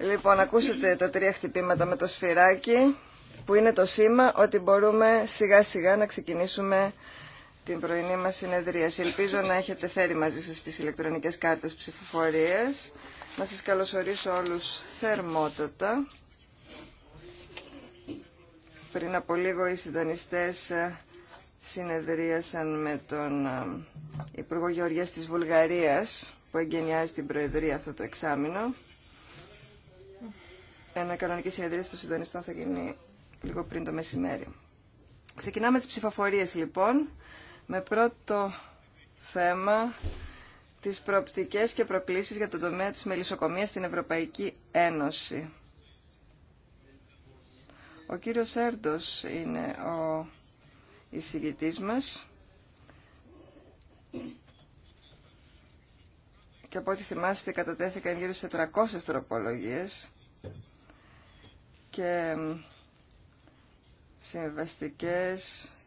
Λοιπόν, ακούσατε τα τρία χτυπήματα με το σφυράκι, που είναι το σήμα ότι μπορούμε σιγά σιγά να ξεκινήσουμε την πρωινή μας συνεδρία. Ελπίζω να έχετε φέρει μαζί σας τις ηλεκτρονικές κάρτες ψηφοφορίας. Να σας καλωσορίσω όλους θερμότατα. Πριν από λίγο οι συντονιστές ε, συνεδρίασαν με τον Υπουργό Γεωργίας της Βουλγαρίας που εγκαινιάζει την Προεδρία αυτό το εξάμεινο. Ένα κανονική συνεδρία των συντονιστών θα γίνει λίγο πριν το μεσημέρι. Ξεκινάμε τις ψηφοφορίες λοιπόν με πρώτο θέμα τις προοπτικές και προκλήσεις για τον τομέα της μελισσοκομείας στην Ευρωπαϊκή Ένωση. Ο κύριος Έρντος είναι ο εισηγητής μας. Και από ό,τι θυμάστε κατατέθηκαν γύρω σε 400 τροπολογίε και συμβαστικέ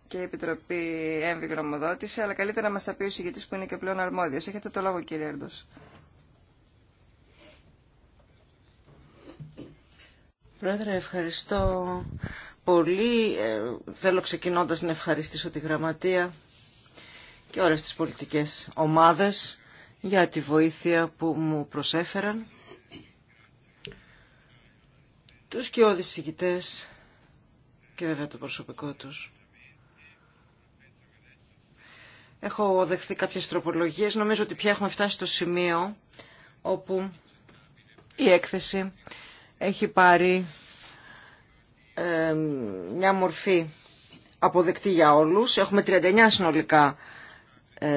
και η Επιτροπή έμβη γνωμοδότηση, αλλά καλύτερα να μας τα πει ο εισηγητής που είναι και πλέον αρμόδιος. Έχετε το λόγο κύριε Έρντος. Πρόεδρε, ευχαριστώ πολύ. Ε, θέλω ξεκινώντας να ευχαριστήσω τη Γραμματεία και όλες τις πολιτικές ομάδες για τη βοήθεια που μου προσέφεραν. Τους και ηγητές και βέβαια το προσωπικό τους. Έχω δεχθεί κάποιες τροπολογίες. Νομίζω ότι πια έχουμε φτάσει στο σημείο όπου η έκθεση έχει πάρει μια μορφή αποδεκτή για όλους. Έχουμε 39 συνολικά ε,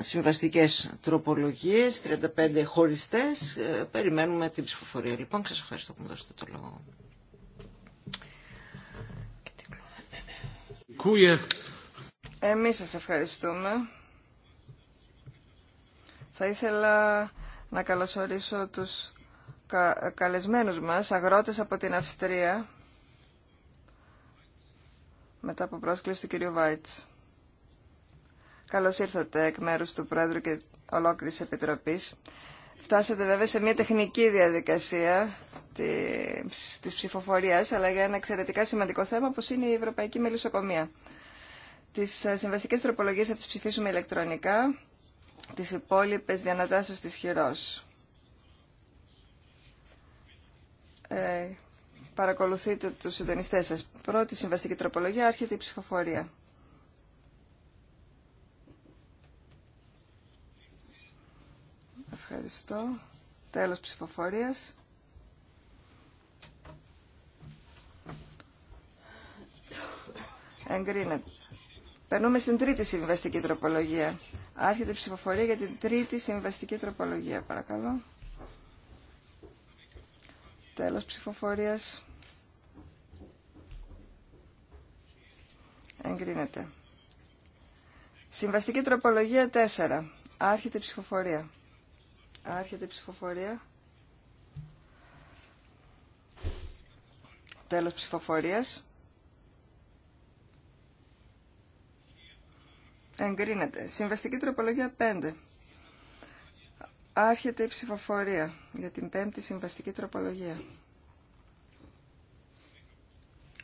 συμβαστικές τροπολογίες, 35 χωριστές. Ε, περιμένουμε την ψηφοφορία. Λοιπόν, σας ευχαριστώ που μου δώσετε το λόγο. Εμείς σας ευχαριστούμε. Θα ήθελα να καλωσορίσω τους καλεσμένους μας, αγρότες από την Αυστρία, μετά από πρόσκληση του κυρίου Βάιτ. Καλώς ήρθατε εκ μέρου του Πρόεδρου και ολόκληρη επιτροπή. Φτάσατε βέβαια σε μια τεχνική διαδικασία της ψηφοφορία, αλλά για ένα εξαιρετικά σημαντικό θέμα, που είναι η Ευρωπαϊκή Μελισσοκομεία. Τι ε, συμβαστικέ τροπολογίε θα τι ψηφίσουμε ηλεκτρονικά, τις υπόλοιπες τη της Ε, παρακολουθείτε τους συντονιστές σας. Πρώτη συμβαστική τροπολογία, άρχεται η ψηφοφορία. Ευχαριστώ. Τέλος ψηφοφορίας. Εγκρίνεται. Περνούμε στην τρίτη συμβαστική τροπολογία. Άρχεται η ψηφοφορία για την τρίτη συμβαστική τροπολογία, παρακαλώ. Τέλος ψηφοφορίας. Εγκρίνεται. Συμβαστική τροπολογία 4. Άρχεται η ψηφοφορία. Άρχεται η ψηφοφορία. Τέλος ψηφοφορίας. Εγκρίνεται. Συμβαστική τροπολογία 5. Άρχεται η ψηφοφορία για την πέμπτη συμβαστική τροπολογία.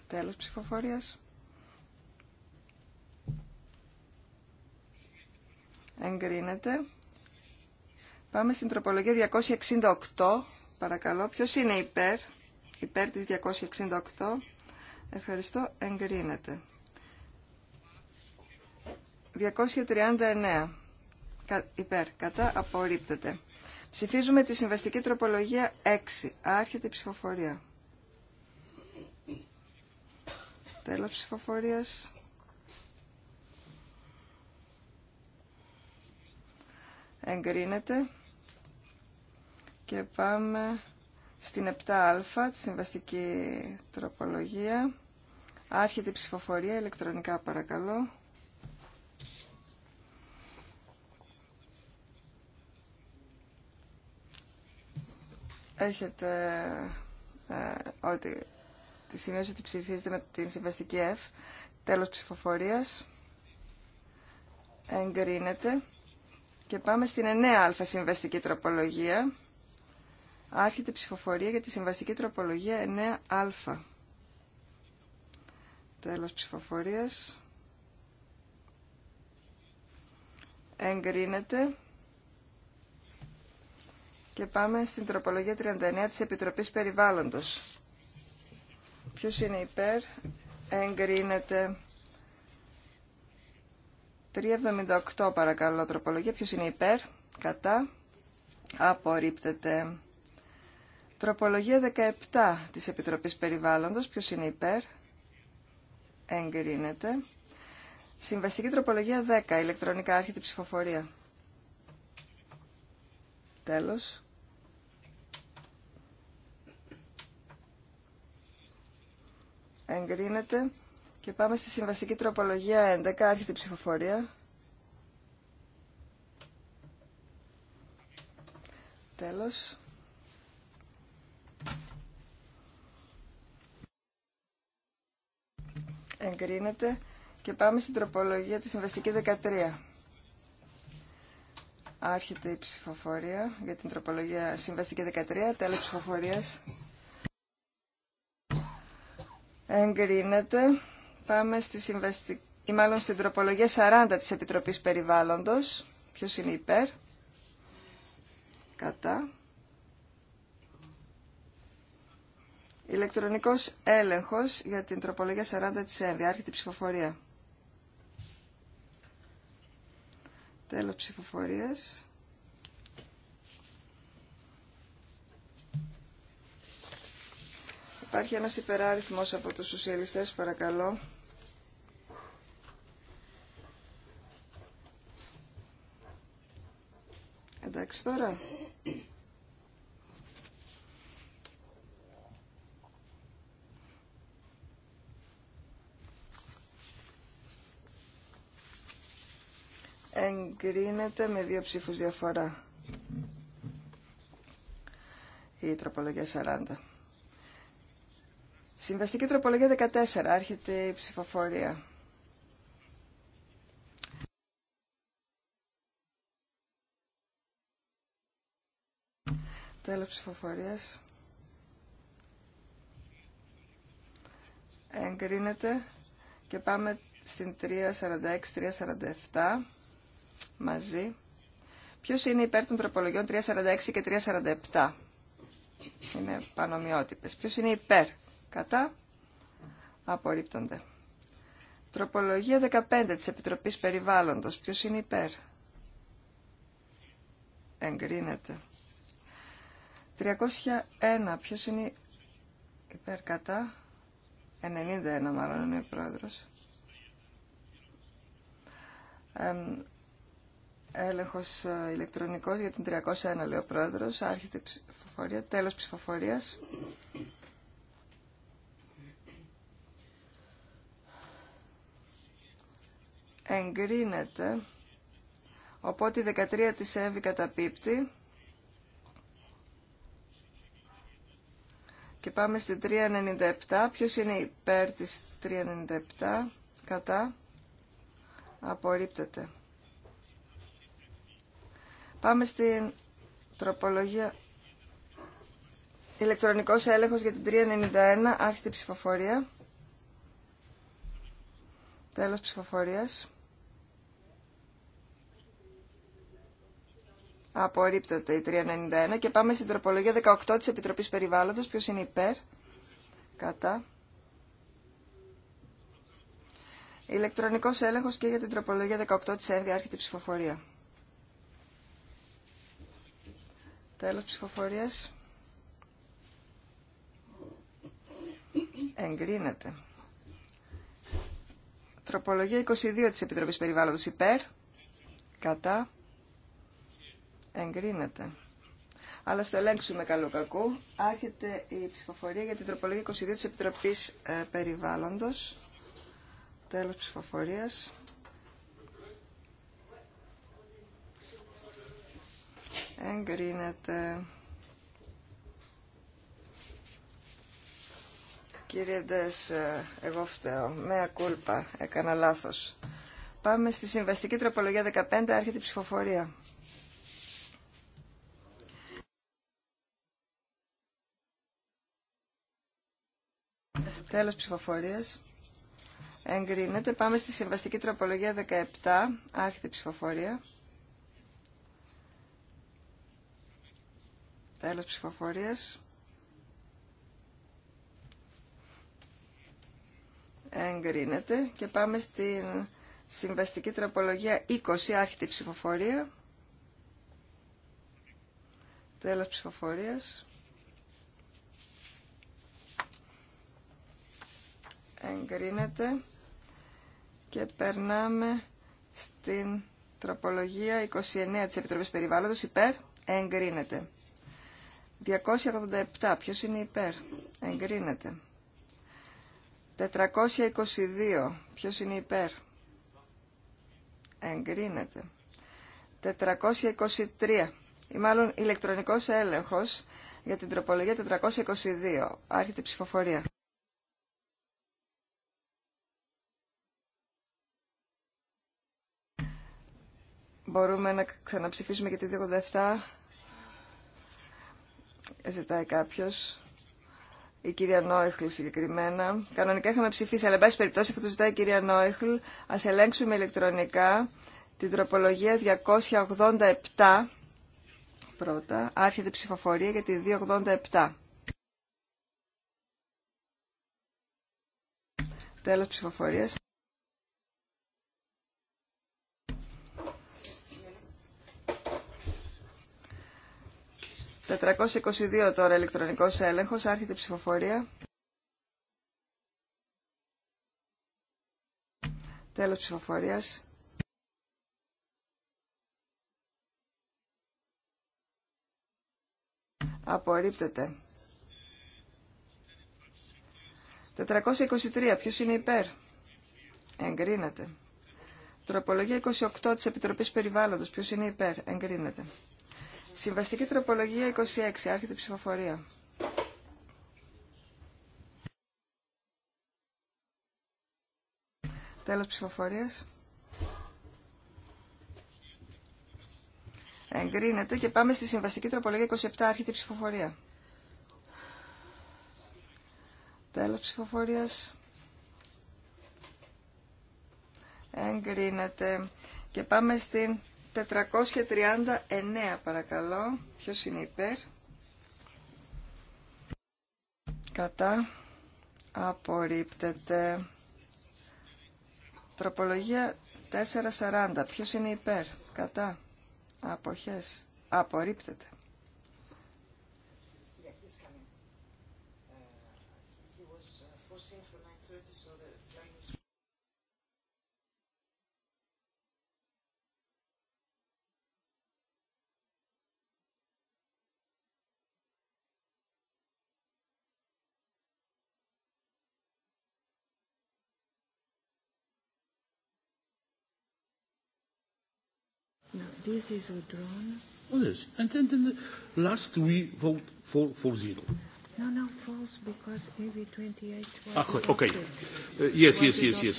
Τέλος ψηφοφορίας. Εγκρίνεται. Πάμε στην τροπολογία 268. Παρακαλώ, ποιος είναι υπέρ. Υπέρ της 268. Ευχαριστώ, εγκρίνεται. 239. Υπέρ, κατά, απορρίπτεται. Ψηφίζουμε τη συμβαστική τροπολογία 6. Άρχεται η ψηφοφορία. Τέλος ψηφοφορίας. Εγκρίνεται. Και πάμε στην 7α, τη συμβαστική τροπολογία. Άρχεται η ψηφοφορία, ηλεκτρονικά παρακαλώ. έχετε ε, ότι τη σημείωση ότι ψηφίζετε με την συμβαστική F. Τέλος ψηφοφορίας. Εγκρίνεται. Και πάμε στην 9α συμβαστική τροπολογία. Άρχεται ψηφοφορία για τη συμβαστική τροπολογία 9α. Τέλος ψηφοφορίας. Εγκρίνεται και πάμε στην τροπολογία 39 της Επιτροπής Περιβάλλοντος. Ποιος είναι υπέρ, εγκρίνεται. 378 παρακαλώ τροπολογία. Ποιος είναι υπέρ, κατά, απορρίπτεται. Τροπολογία 17 της Επιτροπής Περιβάλλοντος. Ποιος είναι υπέρ, εγκρίνεται. Συμβαστική τροπολογία 10, ηλεκτρονικά άρχεται ψηφοφορία. Τέλος. εγκρίνεται και πάμε στη συμβαστική τροπολογία 11, άρχεται η ψηφοφορία. Τέλος. Εγκρίνεται και πάμε στην τροπολογία τη συμβαστική 13. Άρχεται η ψηφοφορία για την τροπολογία συμβαστική 13, τέλος ψηφοφορίας εγκρίνεται. Πάμε στη συμβαστική, μάλλον στην τροπολογία 40 της Επιτροπής Περιβάλλοντος. Ποιος είναι υπέρ. Κατά. Ηλεκτρονικός έλεγχος για την τροπολογία 40 της ΕΜΒΙ. Άρχεται ψηφοφορία. Τέλος ψηφοφορίας. Υπάρχει ένας υπεράριθμος από τους σοσιαλιστές, παρακαλώ. Εντάξει τώρα. Εγκρίνεται με δύο ψήφους διαφορά η τροπολογία 40. Συμβαστική τροπολογία 14. Άρχεται η ψηφοφορία. Τέλος ψηφοφορίας. Εγκρίνεται και πάμε στην 346-347 μαζί. Ποιος είναι υπέρ των τροπολογιών 346 και 347. Είναι πανομοιότυπες. Ποιος είναι υπέρ. Κατά. Απορρίπτονται. Τροπολογία 15 της Επιτροπής Περιβάλλοντος. Ποιος είναι υπέρ. Εγκρίνεται. 301. Ποιος είναι υπέρ κατά. 91 μάλλον είναι ο πρόεδρος. Ε, έλεγχος ηλεκτρονικός για την 301 λέει ο πρόεδρος. Άρχεται ψηφοφορία. Τέλος ψηφοφορίας. εγκρίνεται. Οπότε η 13 της ΕΒ καταπίπτει. Και πάμε στην 397. Ποιος είναι υπέρ της 397. Κατά. Απορρίπτεται. Πάμε στην τροπολογία ηλεκτρονικός έλεγχος για την 391, άρχιτη ψηφοφορία. Τέλος ψηφοφορίας. Απορρίπτεται η 391 και πάμε στην τροπολογία 18 της Επιτροπής Περιβάλλοντος. Ποιος είναι υπέρ. Κατά. Ηλεκτρονικός έλεγχος και για την τροπολογία 18 της ΕΜΒΙ άρχεται ψηφοφορία. Τέλος ψηφοφορίας. Εγκρίνεται. Τροπολογία 22 της Επιτροπής Περιβάλλοντος υπέρ. Κατά. Εγκρίνεται. Αλλά στο ελέγξουμε καλού κακού. Άρχεται η ψηφοφορία για την τροπολογία 22 της Επιτροπής ε, Περιβάλλοντος. Τέλος ψηφοφορίας. Εγκρίνεται. Κύριε Ντες, ε, εγώ φταίω. Μέα κούλπα. Έκανα λάθος. Πάμε στη συμβαστική τροπολογία 15. Άρχεται η ψηφοφορία. Τέλος ψηφοφορίας. Εγκρίνεται. Πάμε στη συμβαστική τροπολογία 17. Άρχεται ψηφοφορία. Τέλος ψηφοφορίας. Εγκρίνεται. Και πάμε στην συμβαστική τροπολογία 20. Άρχεται ψηφοφορία. Τέλος ψηφοφορίας. εγκρίνεται και περνάμε στην τροπολογία 29 της Επιτροπής Περιβάλλοντος υπέρ εγκρίνεται 287 ποιος είναι υπέρ εγκρίνεται 422 ποιος είναι υπέρ εγκρίνεται 423 ή μάλλον ηλεκτρονικός έλεγχος για την τροπολογία 422 άρχεται η ψηφοφορία Μπορούμε να ξαναψηφίσουμε για τη 287. Ζητάει κάποιο. Η κυρία Νόιχλ συγκεκριμένα. Κανονικά είχαμε ψηφίσει, αλλά εν πάση περιπτώσει αυτό ζητάει η κυρία Νόιχλ. Α ελέγξουμε ηλεκτρονικά την τροπολογία 287 πρώτα. Άρχεται ψηφοφορία για τη 287. Τέλος ψηφοφορίας. 422 τώρα ηλεκτρονικός έλεγχος, άρχεται η ψηφοφορία. Τέλος ψηφοφορίας. Απορρίπτεται. 423. Ποιος είναι υπέρ. Εγκρίνεται. Τροπολογία 28 της Επιτροπής Περιβάλλοντος. Ποιος είναι υπέρ. Εγκρίνεται. Συμβαστική τροπολογία 26. Άρχεται η ψηφοφορία. Τέλος ψηφοφορίας. Εγκρίνεται και πάμε στη συμβαστική τροπολογία 27. Άρχεται η ψηφοφορία. Τέλος ψηφοφορίας. Εγκρίνεται. Και πάμε στην 439 παρακαλώ. Ποιος είναι υπέρ. Κατά. Απορρίπτεται. Τροπολογία 440. Ποιος είναι υπέρ. Κατά. Αποχές. Απορρίπτεται. This is withdrawn. Oh, yes. And then, then last we vote for, for zero. No, no, false, because AV28 was Ach, okay. Yes, yes, yes, yes.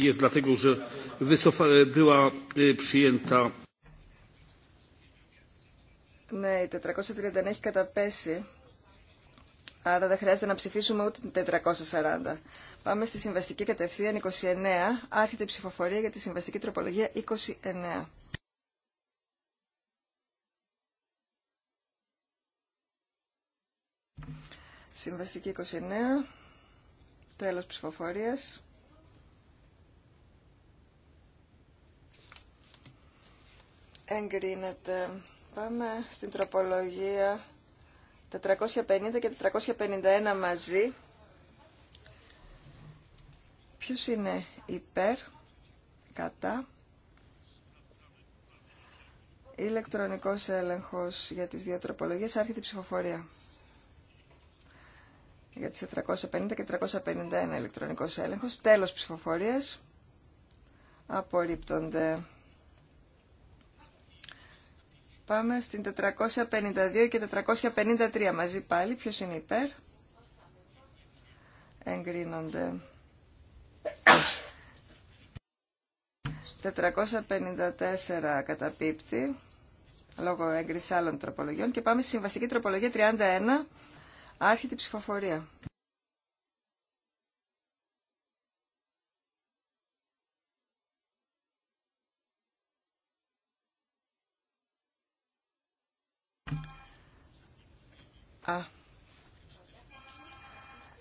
Jest, dlatego, że wycofa, była przyjęta... Ναι, η 431 έχει καταπέσει. Άρα δεν χρειάζεται να ψηφίσουμε ούτε την 440. Πάμε στη συμβαστική κατευθείαν 29. Άρχεται η ψηφοφορία για τη συμβαστική τροπολογία 29. Συμβαστική 29. Τέλος ψηφοφορίας. Εγκρίνεται. Πάμε στην τροπολογία 450 και 451 μαζί. Ποιος είναι υπέρ, κατά. Ηλεκτρονικός έλεγχος για τις δύο τροπολογίες. Άρχεται η ψηφοφορία για τις 450 και 351 ηλεκτρονικός έλεγχος. Τέλος ψηφοφορίας. Απορρίπτονται. Πάμε στην 452 και 453 μαζί πάλι. Ποιος είναι υπέρ. Εγκρίνονται. 454 καταπίπτει λόγω έγκριση άλλων τροπολογιών και πάμε στη συμβαστική τροπολογία 31 Άρχεται η ψηφοφορία. Α.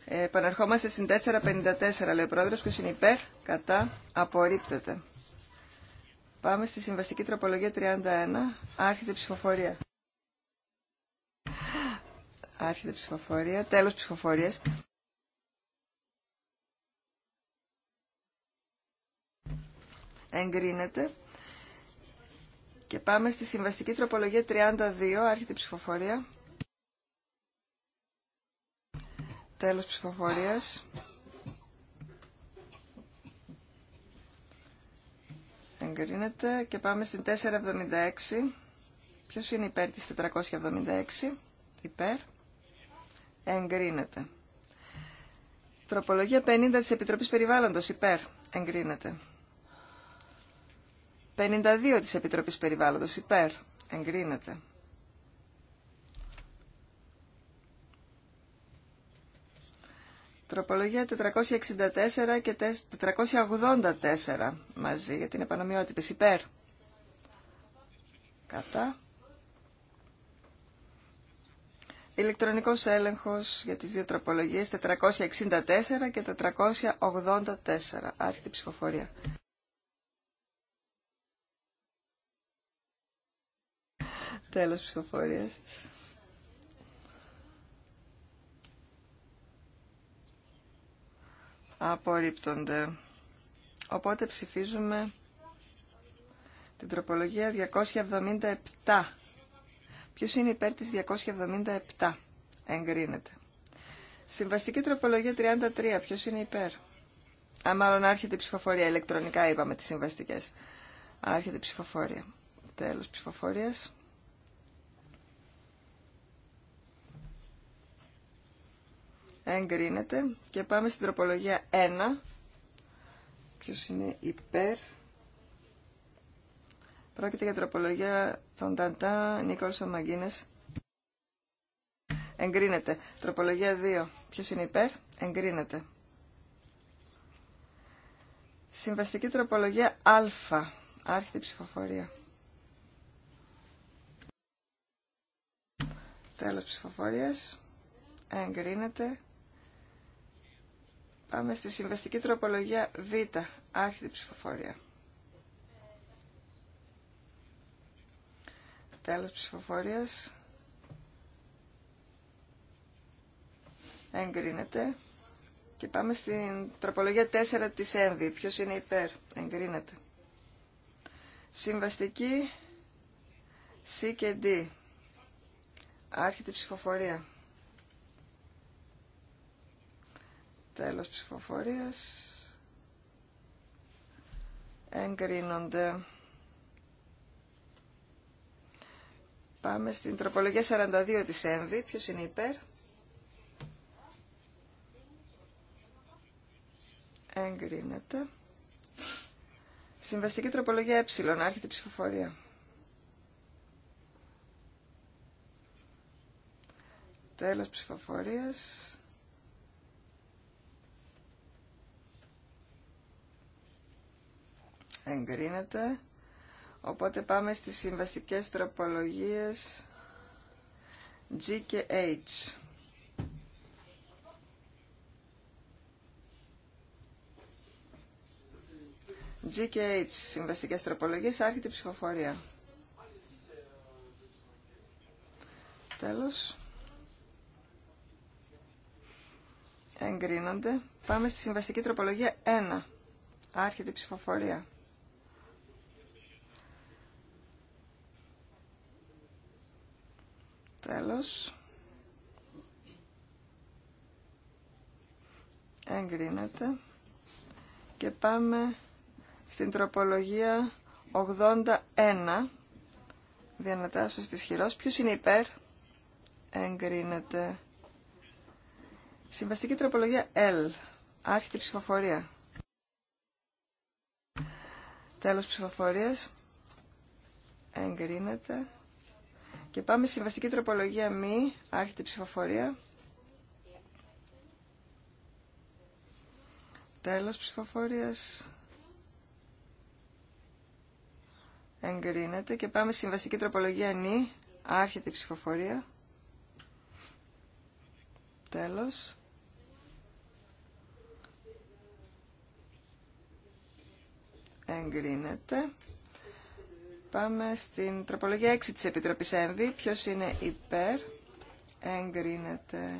Ε, επαναρχόμαστε στην 454, λέει ο πρόεδρος, ποιος είναι υπέρ, κατά, απορρίπτεται. Πάμε στη συμβαστική τροπολογία 31, άρχεται η ψηφοφορία. Άρχεται ψηφοφορία. Τέλος ψηφοφορίας. Εγκρίνεται. Και πάμε στη συμβαστική τροπολογία 32. Άρχεται ψηφοφορία. Τέλος ψηφοφορίας. Εγκρίνεται. Και πάμε στην 476. Ποιος είναι υπέρ της 476. Υπέρ εγκρίνεται. Τροπολογία 50 της Επιτροπής Περιβάλλοντος υπέρ εγκρίνεται. 52 της Επιτροπής Περιβάλλοντος υπέρ εγκρίνεται. 464 και 484 μαζί για την επανομοιότυπη υπέρ. Κατά. Ηλεκτρονικός έλεγχος για τις δύο τροπολογίες 464 και 484. Άρχεται ψηφοφορία. Τέλος ψηφοφορίας. Απορρίπτονται. Οπότε ψηφίζουμε την τροπολογία 277. Ποιος είναι υπέρ της 277. Εγκρίνεται. Συμβαστική τροπολογία 33. Ποιος είναι υπέρ. Α, μάλλον άρχεται η ψηφοφορία. Ηλεκτρονικά είπαμε τις συμβαστικές. Άρχεται η ψηφοφορία. Τέλος ψηφοφορίας. Εγκρίνεται. Και πάμε στην τροπολογία 1. Ποιος είναι υπέρ. Πρόκειται για τροπολογία των Ταντά Νίκολσον Μαγκίνες. Εγκρίνεται. Τροπολογία 2. Ποιο είναι υπέρ. Εγκρίνεται. Συμβαστική τροπολογία Α. Άρχιτη ψηφοφορία. Τέλος ψηφοφορίας. Εγκρίνεται. Πάμε στη συμβαστική τροπολογία Β. άρχιτη ψηφοφορία. Τέλος ψηφοφορίας. Εγκρίνεται. Και πάμε στην τροπολογία 4 της ΕΜΒΗ. Ποιος είναι υπέρ. Εγκρίνεται. Συμβαστική C και D. Άρχεται η ψηφοφορία. Τέλος ψηφοφορίας. Εγκρίνονται. Πάμε στην τροπολογία 42 της ΕΜΒΗ. Ποιος είναι υπέρ. Εγκρίνεται. Συμβαστική τροπολογία ε. Άρχεται η ψηφοφορία. Τέλος ψηφοφορίας. Εγκρίνεται. Οπότε πάμε στις συμβαστικές τροπολογίες G και H. G και H, συμβαστικές τροπολογίες, άρχεται η ψηφοφορία. Τέλος. Εγκρίνονται. Πάμε στη συμβαστική τροπολογία 1. Άρχεται η ψηφοφορία. Τέλος. Εγκρίνεται. Και πάμε στην τροπολογία 81. Διανατάσσω στις χειρός. Ποιος είναι υπέρ. Εγκρίνεται. Συμβαστική τροπολογία L. Άρχεται ψηφοφορία. Τέλος ψηφοφορίας. Εγκρίνεται. Και πάμε στη συμβαστική τροπολογία μη, άρχεται η ψηφοφορία. Τέλος ψηφοφορίας. Εγκρίνεται. Και πάμε στη συμβαστική τροπολογία νη, άρχεται η ψηφοφορία. Τέλος. Εγκρίνεται. Πάμε στην τροπολογία 6 της Επιτροπής ΕΜΒΗ. Ποιος είναι υπέρ. Εγκρίνεται.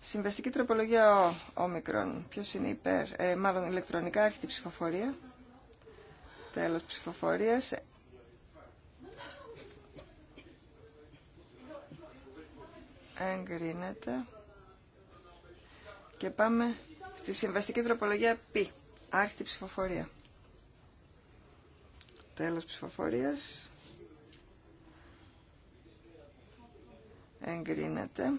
Συμβαστική τροπολογία ο, όμικρον. Ποιος είναι υπέρ. Ε, μάλλον ηλεκτρονικά έρχεται ψηφοφορία. Τέλος ψηφοφορίας. Εγκρίνεται. Και πάμε στη συμβαστική τροπολογία π. Άρχιτη ψηφοφορία. Τέλος ψηφοφορίας. Εγκρίνεται.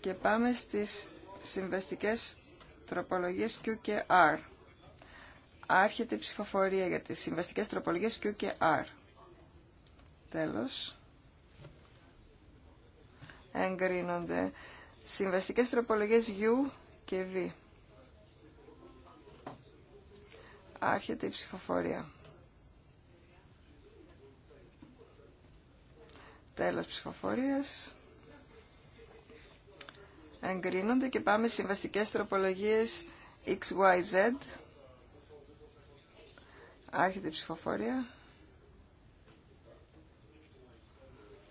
Και πάμε στις συμβεστικές τροπολογίες Q και R. Άρχεται η ψηφοφορία για τις συμβαστικές τροπολογίες Q και R. Τέλος. Εγκρίνονται. Συμβαστικές τροπολογίες U και V. Άρχεται η ψηφοφορία. Τέλος ψηφοφορίας. Εγκρίνονται και πάμε στις συμβαστικές τροπολογίες XYZ. Άρχεται η ψηφοφορία.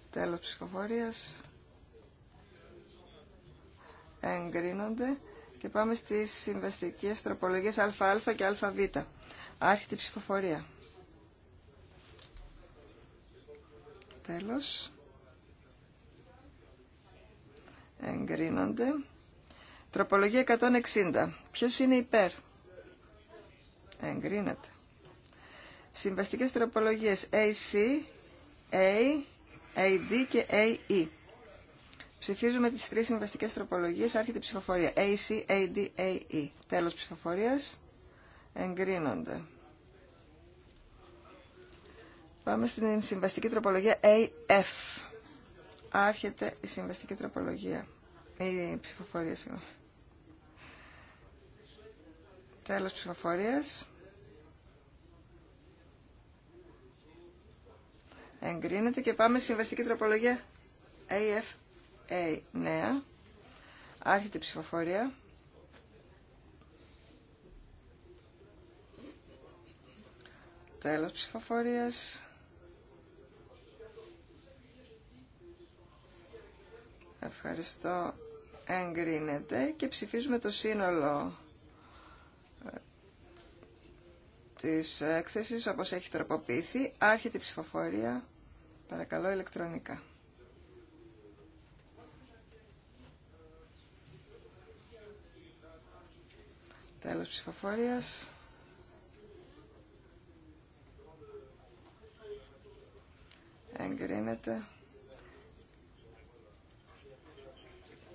Τέλος ψηφοφορίας. Εγκρίνονται και πάμε στις συμβαστικές τροπολογίες ΑΑ και ΑΒ. Άρχεται η ψηφοφορία. Τέλος. Εγκρίνονται. Τροπολογία 160. Ποιος είναι υπέρ. Εγκρίνεται. Συμβαστικές τροπολογίες AC, A, AD και AE. Ψηφίζουμε τις τρεις συμβαστικές τροπολογίες. Άρχεται η ψηφοφορία. AC, AD, AE. Τέλος ψηφοφορίας. Εγκρίνονται. Πάμε στην συμβαστική τροπολογία AF. Άρχεται η συμβαστική τροπολογία. Η ψηφοφορία, συγγνώμη. Τέλος ψηφοφορίας. Εγκρίνεται και πάμε στη συμβαστική τροπολογία AFA νέα. Άρχεται η ψηφοφορία. Τέλος ψηφοφορίας. Ευχαριστώ. Εγκρίνεται και ψηφίζουμε το σύνολο ε, της έκθεσης όπως έχει τροποποιηθεί. Άρχεται η ψηφοφορία, παρακαλώ, ηλεκτρονικά. Τέλος ψηφοφορίας. Εγκρίνεται.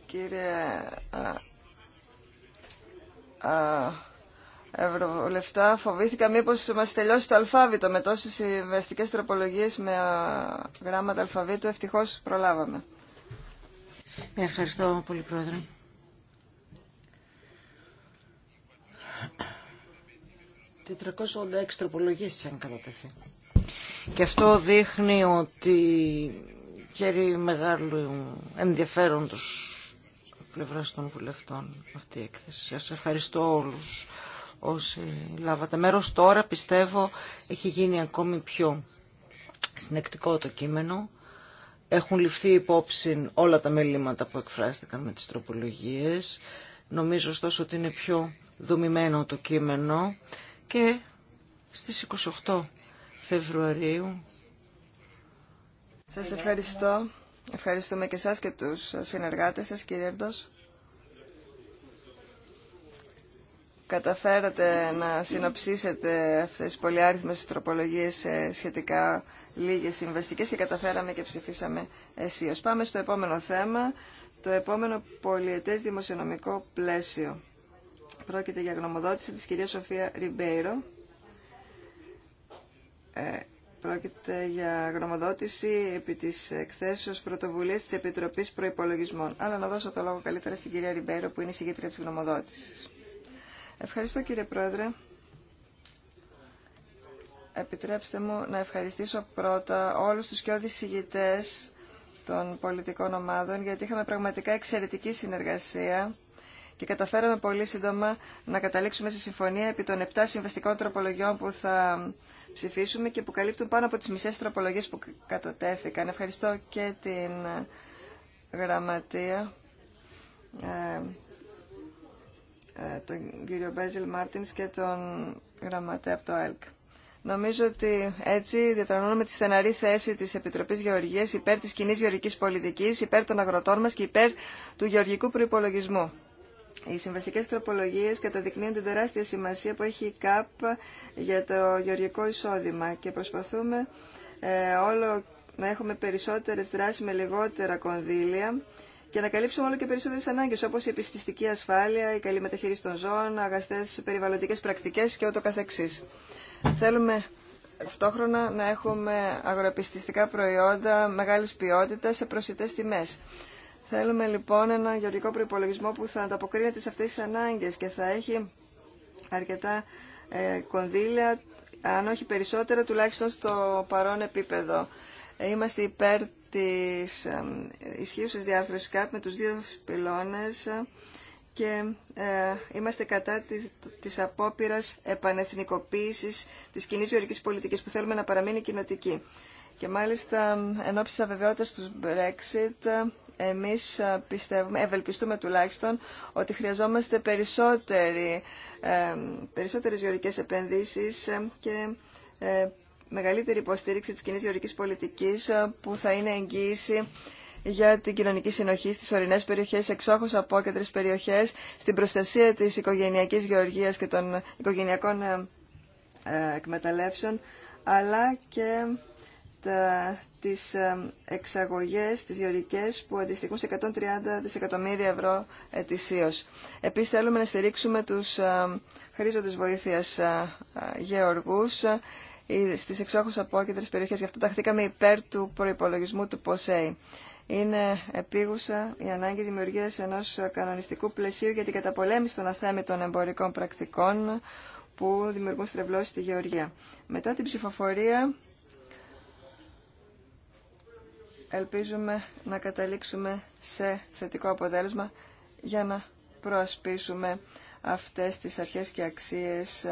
κύριε Ευρωβουλευτά, φοβήθηκα μήπως μας τελειώσει το αλφάβητο με τόσες συμβαστικές τροπολογίες με γράμματα αλφαβήτου. Ευτυχώς προλάβαμε. Ευχαριστώ πολύ, Πρόεδρε. ...486 τροπολογίες είχαν κατατεθεί. Και αυτό δείχνει ότι χαίρει μεγάλου ενδιαφέροντος πλευρά των βουλευτών αυτή η έκθεση. Σα ευχαριστώ όλου όσοι λάβατε Μέρο Τώρα πιστεύω έχει γίνει ακόμη πιο συνεκτικό το κείμενο. Έχουν ληφθεί υπόψη όλα τα μελήματα που εκφράστηκαν με τι τροπολογίε. Νομίζω ωστόσο ότι είναι πιο δομημένο το κείμενο και στις 28 Φεβρουαρίου. Σας ευχαριστώ. Ευχαριστούμε και εσάς και τους συνεργάτες σας, κύριε Ερντός. Καταφέρατε να συνοψίσετε αυτές τις πολυάριθμες τροπολογίες σχετικά λίγες συμβαστικές και καταφέραμε και ψηφίσαμε αισίως. Πάμε στο επόμενο θέμα, το επόμενο πολιετές δημοσιονομικό πλαίσιο. Πρόκειται για γνωμοδότηση της κυρία Σοφία Ριμπέιρο ε, Πρόκειται για γνωμοδότηση επί της εκθέσεως πρωτοβουλίας της Επιτροπής Προϋπολογισμών. Αλλά να δώσω το λόγο καλύτερα στην κυρία Ριμπέρο που είναι η συγκέντρια της γνωμοδότησης. Ευχαριστώ κύριε Πρόεδρε. Επιτρέψτε μου να ευχαριστήσω πρώτα όλους τους πιο συγγητέ των πολιτικών ομάδων γιατί είχαμε πραγματικά εξαιρετική συνεργασία και καταφέραμε πολύ σύντομα να καταλήξουμε σε συμφωνία επί των 7 συμβαστικών τροπολογιών που θα ψηφίσουμε και που καλύπτουν πάνω από τις μισές τροπολογίες που κατατέθηκαν. Ευχαριστώ και την ε, γραμματεία, ε, ε, τον κύριο Μπέζιλ Μάρτινς και τον γραμματέα από το ΕΛΚ. Νομίζω ότι έτσι διατρανώνουμε τη στεναρή θέση της Επιτροπής Γεωργίας υπέρ της κοινή γεωργικής πολιτικής, υπέρ των αγροτών μας και υπέρ του γεωργικού προϋπολογισμού. Οι συμβαστικέ τροπολογίε καταδεικνύουν την τεράστια σημασία που έχει η ΚΑΠ για το γεωργικό εισόδημα και προσπαθούμε ε, όλο να έχουμε περισσότερε δράσει με λιγότερα κονδύλια και να καλύψουμε όλο και περισσότερε ανάγκε όπω η επιστηστική ασφάλεια, η καλή μεταχείριση των ζώων, αγαστέ περιβαλλοντικέ πρακτικέ και ούτω καθεξής. Θέλουμε ταυτόχρονα να έχουμε αγροεπιστηστικά προϊόντα μεγάλη ποιότητα σε προσιτέ τιμέ. Θέλουμε λοιπόν ένα γεωργικό προπολογισμό που θα ανταποκρίνεται σε αυτές τις ανάγκες και θα έχει αρκετά ε, κονδύλια, αν όχι περισσότερα, τουλάχιστον στο παρόν επίπεδο. Ε, είμαστε υπέρ της ε, ισχύουσας διάρθρωσης ΚΑΠ με τους δύο πυλώνες και ε, είμαστε κατά της, της απόπειρας επανεθνικοποίησης της κοινής γεωργικής πολιτικής που θέλουμε να παραμείνει κοινοτική. Και μάλιστα ενώψει ώψη αβεβαιότητας του Brexit εμείς ε, πιστεύουμε, ευελπιστούμε τουλάχιστον, ότι χρειαζόμαστε περισσότερη, ε, περισσότερες γεωρικές επενδύσεις ε, και μεγαλύτερη υποστήριξη της κοινή γεωρικής πολιτικής που θα είναι εγγύηση για την κοινωνική συνοχή στις ορεινές περιοχές, εξόχως απόκεντρες περιοχές, στην προστασία της οικογενειακής γεωργίας και των οικογενειακών εκμεταλλεύσεων, αλλά και ε, τις ε, εξαγωγές, τις γεωρικές που αντιστοιχούν σε 130 δισεκατομμύρια ευρώ ετησίως. Επίσης θέλουμε να στηρίξουμε τους ε, χρήζοντες βοήθειας γεωργούς στις εξόχους απόκεντρες περιοχές. Γι' αυτό ταχθήκαμε υπέρ του προϋπολογισμού του ΠΟΣΕΙ. Είναι επίγουσα η ανάγκη δημιουργίας ενός κανονιστικού πλαισίου για την καταπολέμηση των αθέμητων εμπορικών πρακτικών που δημιουργούν στρεβλώσει στη γεωργία. Μετά την ψηφοφορία Ελπίζουμε να καταλήξουμε σε θετικό αποτέλεσμα για να προασπίσουμε αυτές τις αρχές και αξίες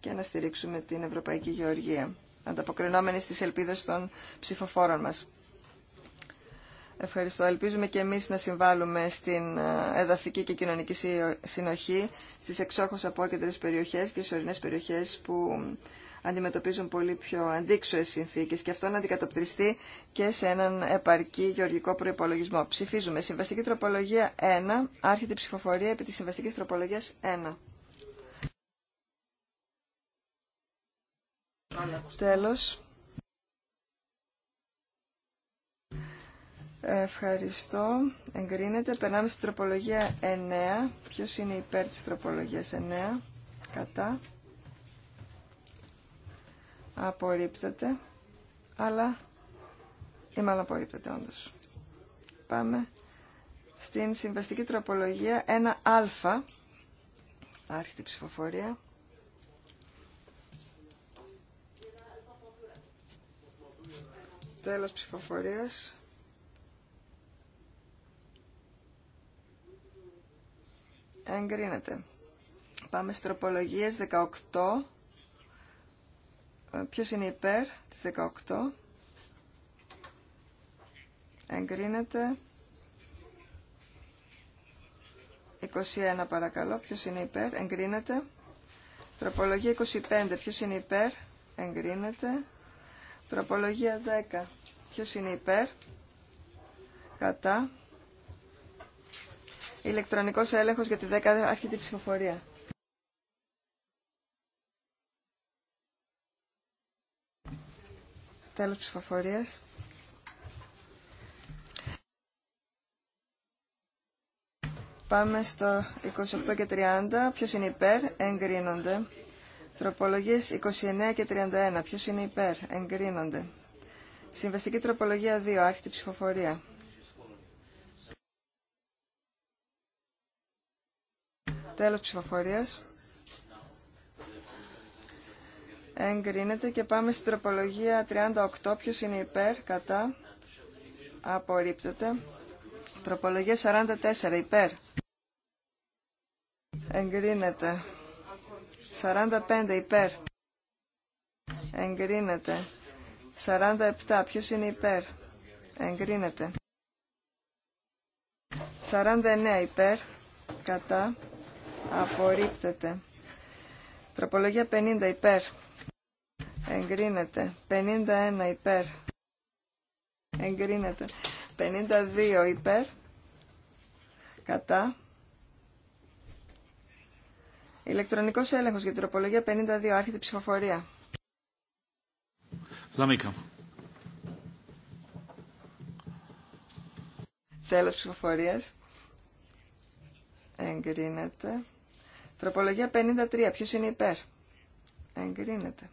και να στηρίξουμε την Ευρωπαϊκή Γεωργία, ανταποκρινόμενη στις ελπίδες των ψηφοφόρων μας. Ευχαριστώ. Ελπίζουμε και εμείς να συμβάλλουμε στην ε, εδαφική και κοινωνική συνοχή στις εξόχως απόκεντρες περιοχές και στις ορεινές περιοχές που αντιμετωπίζουν πολύ πιο αντίξωε συνθήκες και αυτό να αντικατοπτριστεί και σε έναν επαρκή γεωργικό προπολογισμό. Ψηφίζουμε. Συμβαστική τροπολογία 1. Άρχεται η ψηφοφορία επί της Συμβαστική τροπολογίας 1. Τέλος. Ευχαριστώ. Εγκρίνεται. Περνάμε στην τροπολογία 9. Ποιος είναι υπέρ της τροπολογίας 9. Κατά απορρίπτεται, αλλά ή μάλλον απορρίπτεται όντως. Πάμε στην συμβαστική τροπολογία 1α, άρχιτη ψηφοφορία. Τέλος ψηφοφορίας. Εγκρίνεται. Πάμε στις τροπολογίες 18 ε, ποιος είναι υπέρ της 18. Εγκρίνεται. 21 παρακαλώ. Ποιος είναι υπέρ. Εγκρίνεται. Τροπολογία 25. Ποιος είναι υπέρ. Εγκρίνεται. Τροπολογία 10. Ποιος είναι υπέρ. Κατά. Ηλεκτρονικός έλεγχος για τη 10 αρχή η ψηφοφορία. Τέλος ψηφοφορίας. Πάμε στο 28 και 30. Ποιος είναι υπέρ, εγκρίνονται. Τροπολογίες 29 και 31. Ποιος είναι υπέρ, εγκρίνονται. Συμβαστική τροπολογία 2, άρχιτη ψηφοφορία. Τέλος ψηφοφορίας. εγκρίνεται και πάμε στην τροπολογία 38. Ποιος είναι υπέρ, κατά, απορρίπτεται. Τροπολογία 44, υπέρ. Εγκρίνεται. 45, υπέρ. Εγκρίνεται. 47, ποιος είναι υπέρ. Εγκρίνεται. 49, υπέρ. Κατά. Απορρίπτεται. Τροπολογία 50, υπέρ εγκρίνεται 51 υπέρ εγκρίνεται 52 υπέρ κατά ηλεκτρονικός έλεγχος για τροπολογία 52 άρχεται ψηφοφορία Τέλο Τέλος ψηφοφορίας. Εγκρίνεται. Τροπολογία 53. Ποιος είναι υπέρ. Εγκρίνεται.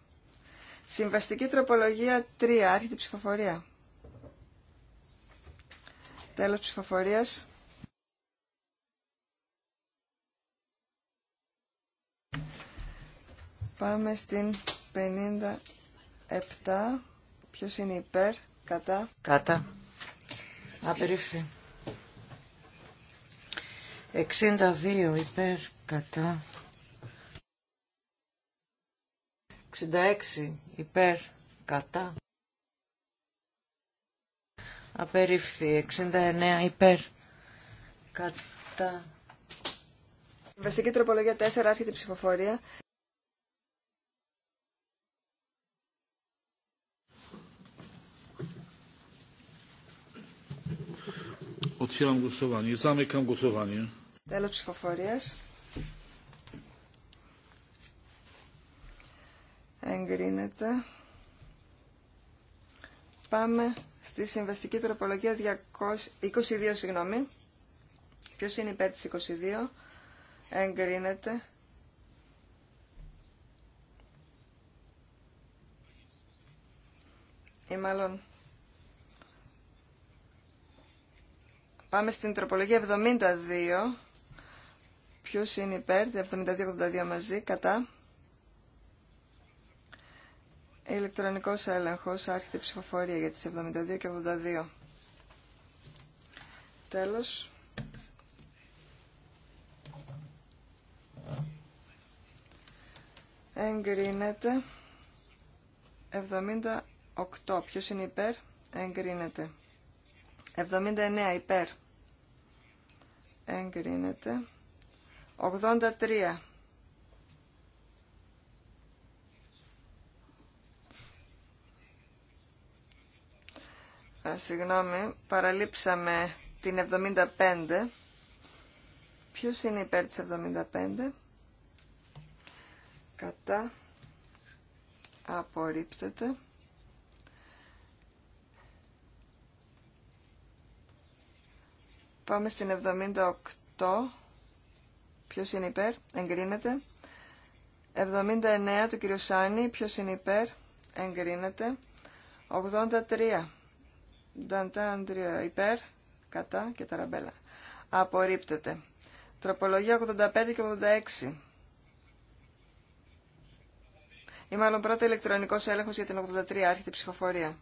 Συμβαστική τροπολογία 3. Άρχεται ψηφοφορία. Τέλος ψηφοφορίας. Πάμε στην 57. Ποιος είναι υπέρ, κατά. Κατά. Απερίφθη. 62 υπέρ, κατά. 66 υπέρ κατά. Απερίφθη 69 υπέρ κατά. Συμβαστική τροπολογία 4 άρχεται η ψηφοφορία. Otwieram głosowanie. Τέλος ψηφοφορίας. εγκρίνεται. Πάμε στη συμβαστική τροπολογία 22, συγγνώμη. Ποιος είναι υπέρ της 22, εγκρίνεται. Ή μάλλον... Πάμε στην τροπολογία 72. Ποιος είναι υπέρ, 72-82 μαζί, κατά. Ηλεκτρονικός έλεγχος, άρχεται ψηφοφορία για τις 72 και 82. Τέλος. Εγκρίνεται. 78. Ποιος είναι υπέρ. Εγκρίνεται. 79 υπέρ. Εγκρίνεται. 83 συγγνώμη, παραλείψαμε την 75. Ποιο είναι υπέρ της 75? Κατά. Απορρίπτεται. Πάμε στην 78. Ποιο είναι υπέρ? Εγκρίνεται. 79 του κύριου Σάνι. ποιο είναι υπέρ? Εγκρίνεται. 83 Νταντά υπέρ, κατά και ταραμπέλα. Απορρίπτεται. Τροπολογία 85 και 86. Ή μάλλον πρώτα ηλεκτρονικός έλεγχος για την 83, άρχεται ψηφοφορία.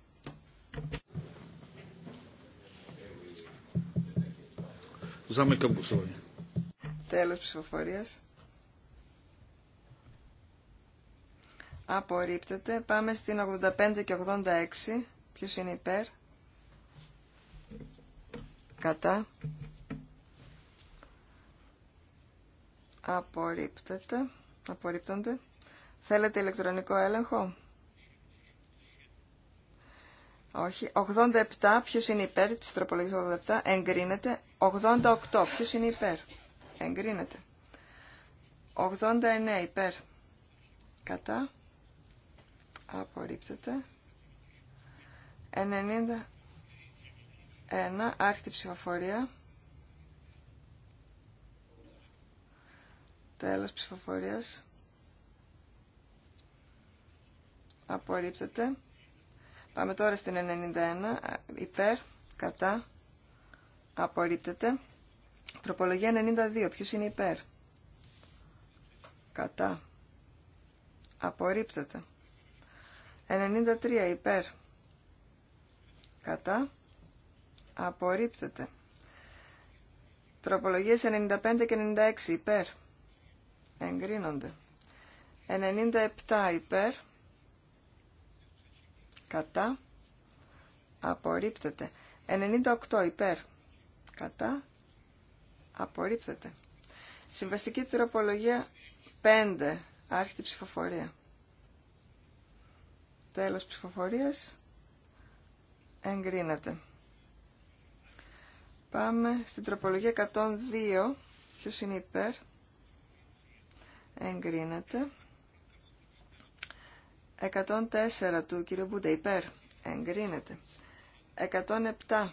Τέλο Τέλος ψηφοφορίας. Απορρίπτεται. Πάμε στην 85 και 86. Ποιος είναι υπέρ κατά απορρίπτεται απορρίπτονται θέλετε ηλεκτρονικό έλεγχο όχι 87 ποιος είναι υπέρ της τροπολογίας 87 εγκρίνεται 88 ποιος είναι υπέρ εγκρίνεται 89 υπέρ κατά απορρίπτεται 90 ένα. άρχιτη ψηφοφορία. Τέλος ψηφοφορίας. Απορρίπτεται. Πάμε τώρα στην 91, υπέρ, κατά, απορρίπτεται. Τροπολογία 92, ποιος είναι υπέρ. Κατά. Απορρίπτεται. 93, υπέρ. Κατά. Απορρίπτεται. Τροπολογίες 95 και 96 υπέρ. Εγκρίνονται. 97 υπέρ. Κατά. Απορρίπτεται. 98 υπέρ. Κατά. Απορρίπτεται. Συμβαστική τροπολογία 5. Άρχιτη ψηφοφορία. Τέλος ψηφοφορίας. Εγκρίνεται. Πάμε στην τροπολογία 102. Ποιος είναι υπέρ. Εγκρίνεται. 104 του κύριου Μπούντε υπέρ. Εγκρίνεται. 107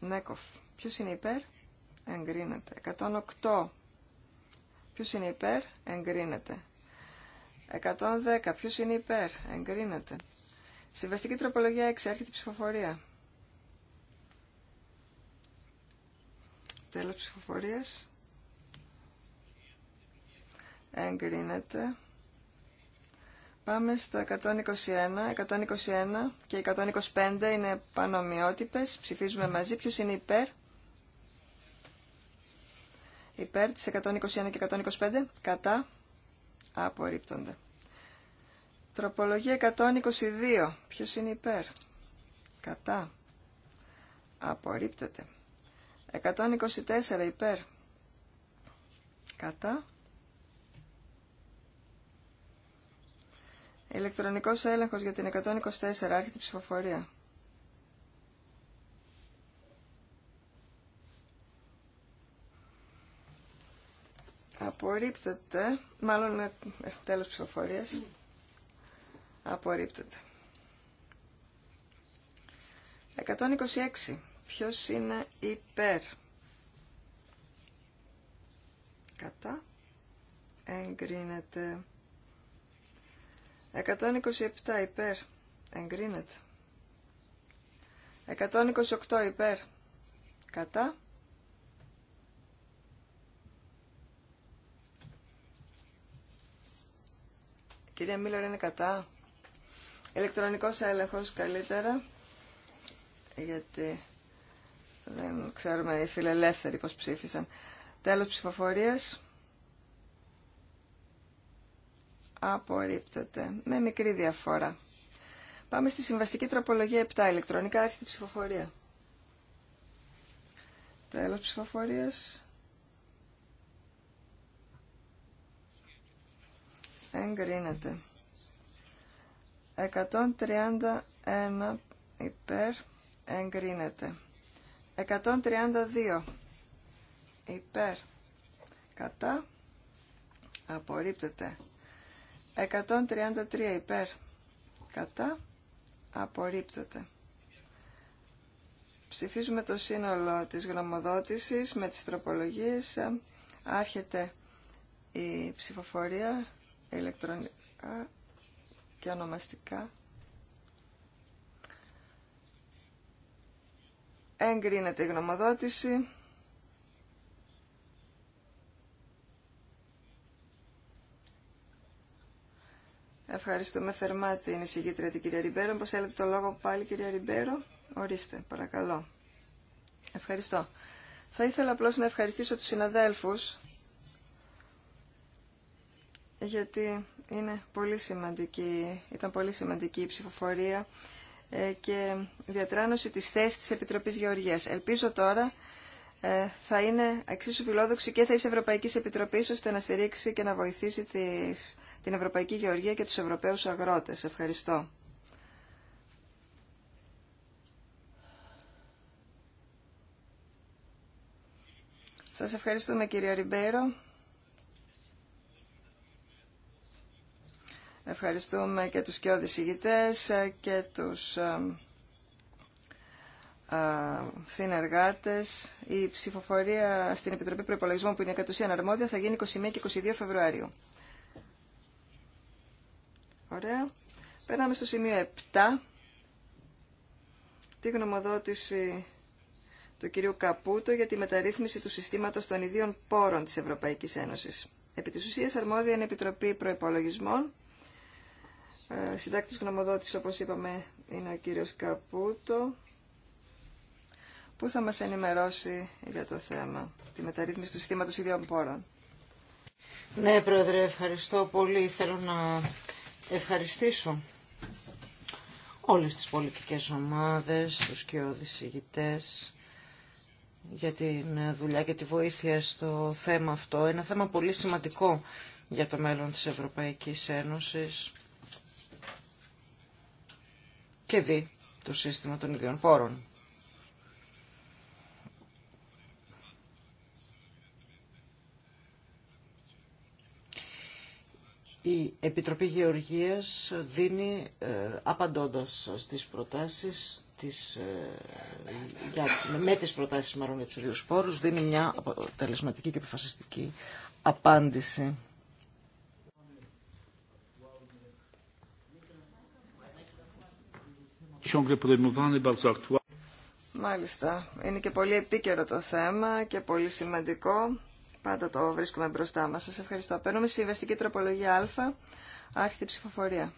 Νέκοφ. Ποιος είναι υπέρ. Εγκρίνεται. 108 Ποιος είναι υπέρ. Εγκρίνεται. 110 Ποιος είναι υπέρ. Εγκρίνεται. Συμβαστική τροπολογία 6. Έρχεται η ψηφοφορία. Τέλος ψηφοφορίας. Εγκρίνεται. Πάμε στα 121. 121 και 125 είναι πανομοιότυπες. Ψηφίζουμε μαζί. Ποιος είναι υπέρ. Υπέρ της 121 και 125. Κατά. Απορρίπτονται. Τροπολογία 122. Ποιος είναι υπέρ. Κατά. Απορρίπτεται. 124 υπέρ. Κατά. Ηλεκτρονικός έλεγχος για την 124 άρχεται ψηφοφορία. Απορρίπτεται, μάλλον ε, ε, τέλος ψηφοφορίας. Απορρίπτεται. 126 Ποιος είναι υπέρ. Κατά. Εγκρίνεται. 127 υπέρ. Εγκρίνεται. 128 υπέρ. Κατά. κυρία Μίλλορ είναι κατά. Ηλεκτρονικός έλεγχος καλύτερα. Γιατί δεν ξέρουμε οι φιλελεύθεροι πώς ψήφισαν. Τέλος ψηφοφορίας. Απορρίπτεται. Με μικρή διαφορά. Πάμε στη συμβαστική τροπολογία 7. Ηλεκτρονικά έρχεται ψηφοφορία. Τέλος ψηφοφορίας. Εγκρίνεται. 131 υπέρ εγκρίνεται. 132 υπέρ κατά απορρίπτεται 133 υπέρ κατά απορρίπτεται ψηφίζουμε το σύνολο της γνωμοδότησης με τις τροπολογίες άρχεται η ψηφοφορία ηλεκτρονικά και ονομαστικά Εγκρίνεται η γνωμοδότηση. Ευχαριστούμε θερμά την εισηγήτρια την κυρία Ριμπέρο. Πώς έλεγε το λόγο πάλι κυρία Ριμπέρο. Ορίστε, παρακαλώ. Ευχαριστώ. Θα ήθελα απλώς να ευχαριστήσω τους συναδέλφους γιατί είναι πολύ σημαντική, ήταν πολύ σημαντική η ψηφοφορία ε, και διατράνωση της θέσης της Επιτροπής Γεωργίας. Ελπίζω τώρα ε, θα είναι αξίσου φιλόδοξη και θέση Ευρωπαϊκής Επιτροπής ώστε να στηρίξει και να βοηθήσει τις, την Ευρωπαϊκή Γεωργία και τους Ευρωπαίους αγρότες. Ευχαριστώ. Σας ευχαριστούμε κύριε Ριμπέρο. Ευχαριστούμε και τους και ηγητές ε, και τους ε, ε, συνεργάτες. Η ψηφοφορία στην Επιτροπή Προπολογισμών που είναι κατ' ουσίαν αρμόδια θα γίνει 21 και 22 Φεβρουαρίου. Ωραία. Περνάμε στο σημείο 7. Τη γνωμοδότηση του κυρίου Καπούτο για τη μεταρρύθμιση του συστήματος των ιδίων πόρων της Ευρωπαϊκής Ένωσης. Επί της ουσίας αρμόδια είναι Επιτροπή Προϋπολογισμών ε, συντάκτης γνωμοδότης, όπως είπαμε, είναι ο κύριος Καπούτο, που θα μας ενημερώσει για το θέμα, τη μεταρρύθμιση του συστήματος ιδιών πόρων. Ναι, Πρόεδρε, ευχαριστώ πολύ. Θέλω να ευχαριστήσω όλες τις πολιτικές ομάδες, τους και ηγητές για την δουλειά και τη βοήθεια στο θέμα αυτό. Ένα θέμα πολύ σημαντικό για το μέλλον της Ευρωπαϊκής Ένωσης και δει το σύστημα των ιδιών πόρων. Η Επιτροπή Γεωργίας δίνει, ε, απαντώντας στις προτάσεις, ε, με τις προτάσεις μάλλον για τους ίδιους πόρους, δίνει μια αποτελεσματική και επιφασιστική απάντηση. Μάλιστα. Είναι και πολύ επίκαιρο το θέμα και πολύ σημαντικό. Πάντα το βρίσκουμε μπροστά μας. Σας ευχαριστώ. Παίρνουμε συμβαστική τροπολογία Α. Άρχεται ψηφοφορία.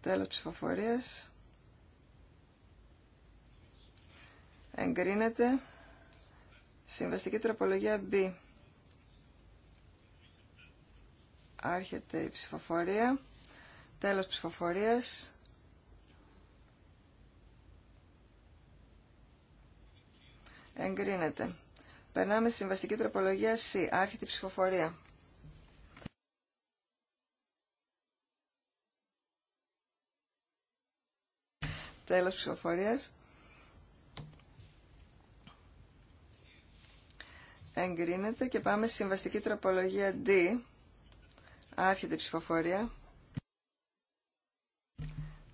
Τέλος ψηφοφορίας. Εγκρίνεται. Συμβαστική τροπολογία B. Άρχεται η ψηφοφορία. Τέλος ψηφοφορίας. Εγκρίνεται. Περνάμε στη συμβαστική τροπολογία C. Άρχεται ψηφοφορία. Τέλος ψηφοφορίας. Εγκρίνεται και πάμε στη συμβαστική τροπολογία D. Άρχεται ψηφοφορία.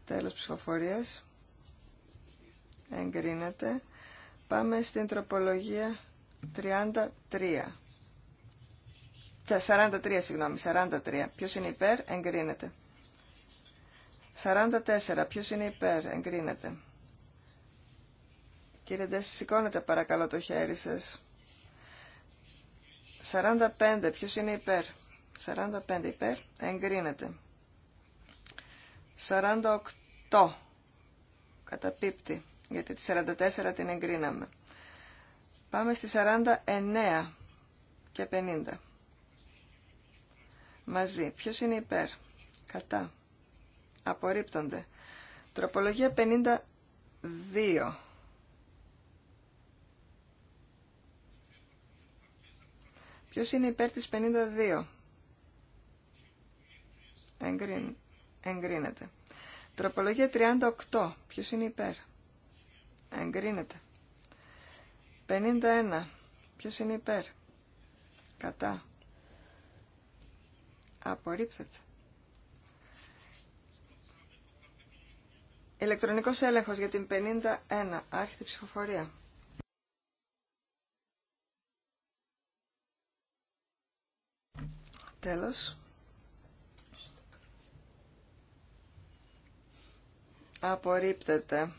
Τέλος ψηφοφορίας. Εγκρίνεται. Πάμε στην τροπολογία 33. 43, συγγνώμη, 43. Ποιος είναι υπέρ, εγκρίνεται. 44. Ποιος είναι υπέρ, εγκρίνεται. Κύριε Ντέση, σηκώνετε παρακαλώ το χέρι σας. 45. Ποιος είναι υπέρ. 45 υπέρ, εγκρίνεται. 48 πίπτη, γιατί τη 44 την εγκρίναμε. Πάμε στη 49 και 50. Μαζί. Ποιος είναι υπέρ. Κατά. Απορρίπτονται. Τροπολογία 52. Ποιος είναι υπέρ της 52. Εγκρίνει. Εγκρίνεται. Τροπολογία 38. Ποιος είναι υπέρ. Εγκρίνεται. 51. Ποιος είναι υπέρ. Κατά. Απορρίπτεται. Ηλεκτρονικός έλεγχος για την 51. Άρχεται ψηφοφορία. Τέλος. απορρίπτεται.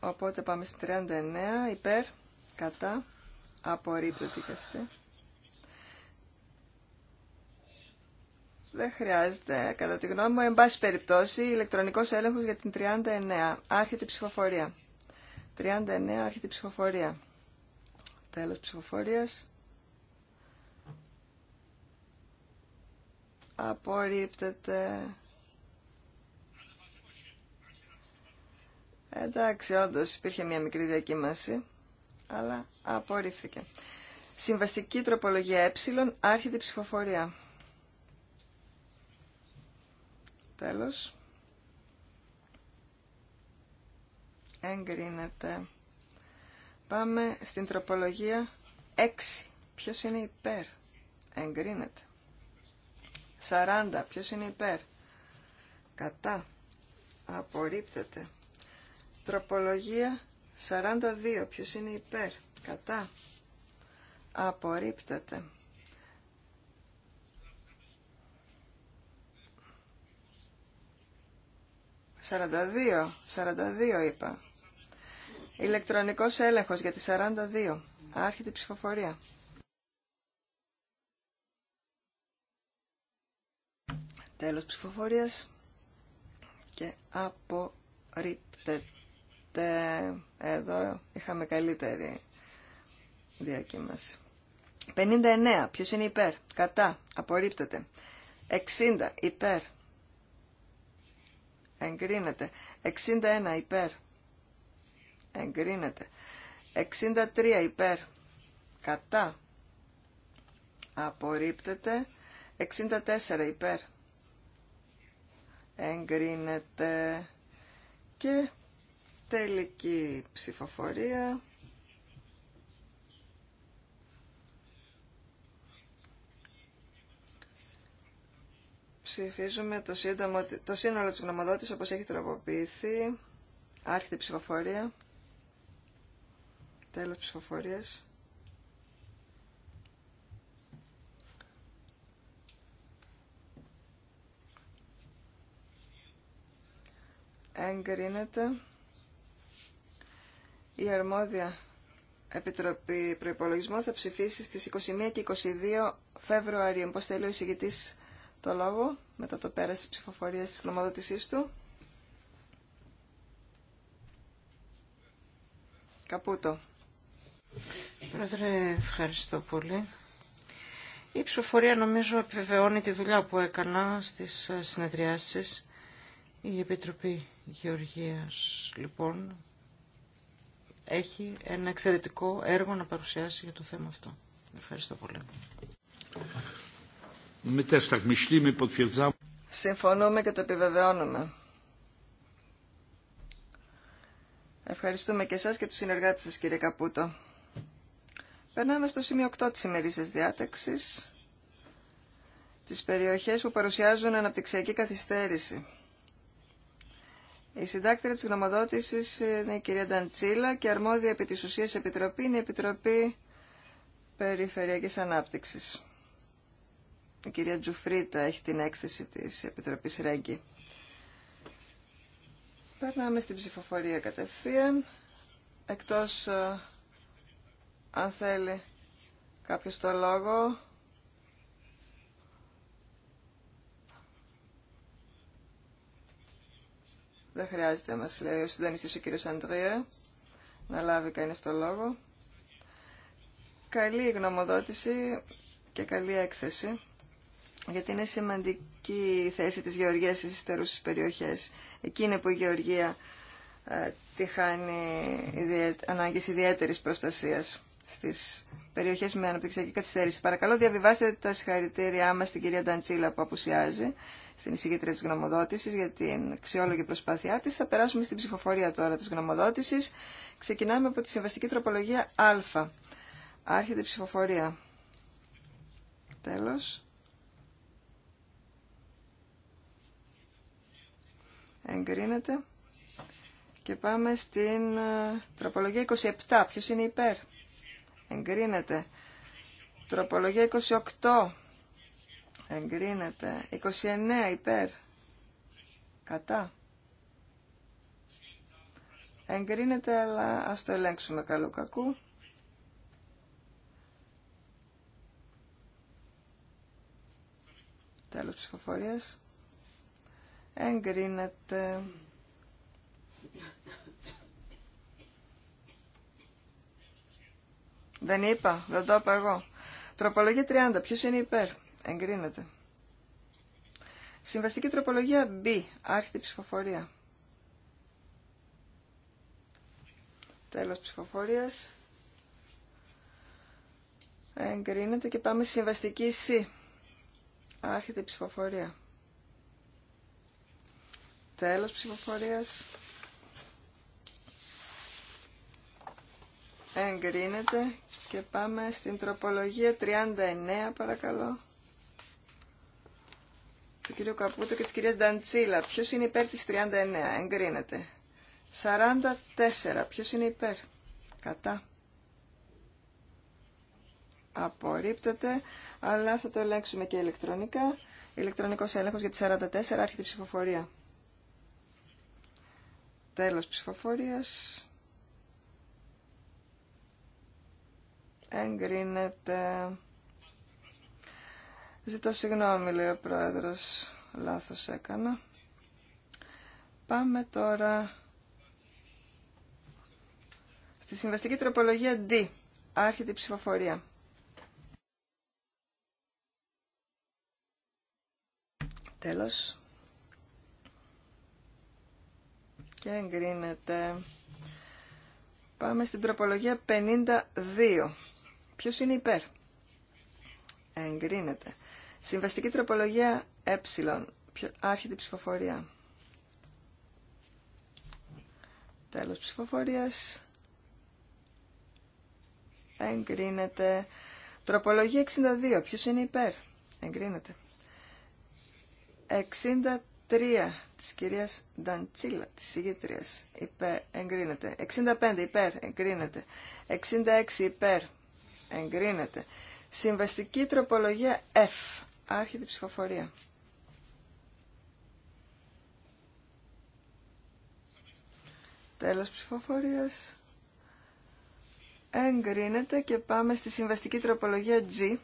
Οπότε πάμε στην 39, υπέρ, κατά, απορρίπτεται και αυτή. Δεν χρειάζεται. Κατά τη γνώμη μου, εν πάση περιπτώσει, ηλεκτρονικός έλεγχος για την 39. Άρχεται η ψηφοφορία. 39, άρχεται η ψηφοφορία. Τέλος ψηφοφορίας. Απορρίπτεται. Εντάξει, όντω υπήρχε μια μικρή διακύμαση. αλλά απορρίφθηκε. Συμβαστική τροπολογία ε, άρχεται ψηφοφορία. Τέλος. Εγκρίνεται. Πάμε στην τροπολογία 6. Ποιος είναι υπέρ. Εγκρίνεται. 40. Ποιος είναι υπέρ. Κατά. Απορρίπτεται. Τροπολογία 42. Ποιος είναι υπέρ. Κατά. Απορρίπτεται. 42. 42 είπα. Ηλεκτρονικός έλεγχος για τη 42. Άρχεται η ψηφοφορία. Τέλος ψηφοφορίας και απορρίπτεται εδώ είχαμε καλύτερη διακύμαση. 59. Ποιος είναι υπέρ. Κατά. Απορρίπτεται. 60. Υπέρ. Εγκρίνεται. 61. Υπέρ. Εγκρίνεται. 63. Υπέρ. Κατά. Απορρίπτεται. 64. Υπέρ. Εγκρίνεται. Και Τελική ψηφοφορία. Ψηφίζουμε το, σύντομο, το σύνολο της γνωμοδότης όπως έχει τροποποιηθεί. Άρχεται η ψηφοφορία. Τέλος ψηφοφορίας. Εγκρίνεται. Η αρμόδια Επιτροπή Προπολογισμού θα ψηφίσει στις 21 και 22 Φεβρουαρίου. Πώς θέλει ο εισηγητής το λόγο μετά το πέρας της ψηφοφορίας της νομοδοτησής του. Καπούτο. Πρόεδρε, ευχαριστώ πολύ. Η ψηφοφορία νομίζω επιβεβαιώνει τη δουλειά που έκανα στις συνεδριάσεις. Η Επιτροπή Γεωργίας, λοιπόν, έχει ένα εξαιρετικό έργο να παρουσιάσει για το θέμα αυτό. Ευχαριστώ πολύ. Συμφωνούμε και το επιβεβαιώνουμε. Ευχαριστούμε και εσάς και τους συνεργάτες σας κύριε Καπούτο. Περνάμε στο σημείο 8 της ημερήσια διάταξης, τις περιοχές που παρουσιάζουν αναπτυξιακή καθυστέρηση. Η συντάκτηρα της γνωμοδότησης είναι η κυρία Νταντσίλα και αρμόδια επί της ουσίας επιτροπή είναι η Επιτροπή Περιφερειακής Ανάπτυξης. Η κυρία Τζουφρίτα έχει την έκθεση της Επιτροπής Ρέγγι. Περνάμε στην ψηφοφορία κατευθείαν, εκτός ε, αν θέλει κάποιος το λόγο Δεν χρειάζεται, μας λέει ο συντονιστής ο κύριος Αντρία, να λάβει κανείς το λόγο. Καλή γνωμοδότηση και καλή έκθεση, γιατί είναι σημαντική η θέση της γεωργίας στις ειστερούσες περιοχές. εκείνη που η γεωργία ε, τη χάνει ανάγκης ιδιαίτερης προστασίας στις Περιοχέ με αναπτυξιακή καθυστέρηση. Παρακαλώ διαβιβάστε τα συγχαρητήριά μα στην κυρία Νταντσίλα που απουσιάζει στην εισηγήτρια τη γνωμοδότηση για την αξιόλογη προσπάθειά τη. Θα περάσουμε στην ψηφοφορία τώρα τη γνωμοδότηση. Ξεκινάμε από τη συμβαστική τροπολογία Α. Άρχεται η ψηφοφορία. Τέλο. Εγκρίνεται. Και πάμε στην ε, τροπολογία 27. Ποιος είναι υπέρ εγκρίνεται. Τροπολογία 28 εγκρίνεται. 29 υπέρ κατά. Εγκρίνεται, αλλά ας το ελέγξουμε καλού κακού. Τέλος ψηφοφορίας. Εγκρίνεται. Δεν είπα, δεν το είπα εγώ. Τροπολογία 30. Ποιο είναι υπέρ. Εγκρίνεται. Συμβαστική τροπολογία B. Άρχιτη ψηφοφορία. Τέλος ψηφοφορίας. Εγκρίνεται και πάμε στη συμβαστική C. Άρχεται ψηφοφορία. Τέλος ψηφοφορίας. εγκρίνεται και πάμε στην τροπολογία 39 παρακαλώ του κυρίου Καπούτο και της κυρίας Νταντσίλα. Ποιος είναι υπέρ της 39, εγκρίνεται. 44, ποιος είναι υπέρ, κατά. Απορρίπτεται, αλλά θα το ελέγξουμε και ηλεκτρονικά. Ηλεκτρονικός έλεγχος για τη 44, άρχεται η ψηφοφορία. Τέλος ψηφοφορίας. Εγκρίνεται. Ζητώ συγγνώμη, λέει ο πρόεδρος. Λάθος έκανα. Πάμε τώρα στη συμβαστική τροπολογία D. Άρχεται η ψηφοφορία. Τέλος. Και εγκρίνεται. Πάμε στην τροπολογία 52. Ποιο είναι υπέρ. Εγκρίνεται. Συμβαστική τροπολογία ε. Άρχεται η ψηφοφορία. Τέλος ψηφοφορίας. Εγκρίνεται. Τροπολογία 62. Ποιος είναι υπέρ. Εγκρίνεται. 63 της κυρίας Νταντσίλα, της ηγήτριας. Υπέρ. Εγκρίνεται. 65 υπέρ. Εγκρίνεται. 66 υπέρ εγκρίνεται. Συμβαστική τροπολογία F, άρχεται ψηφοφορία. Τέλος ψηφοφορίας. Εγκρίνεται και πάμε στη συμβαστική τροπολογία G.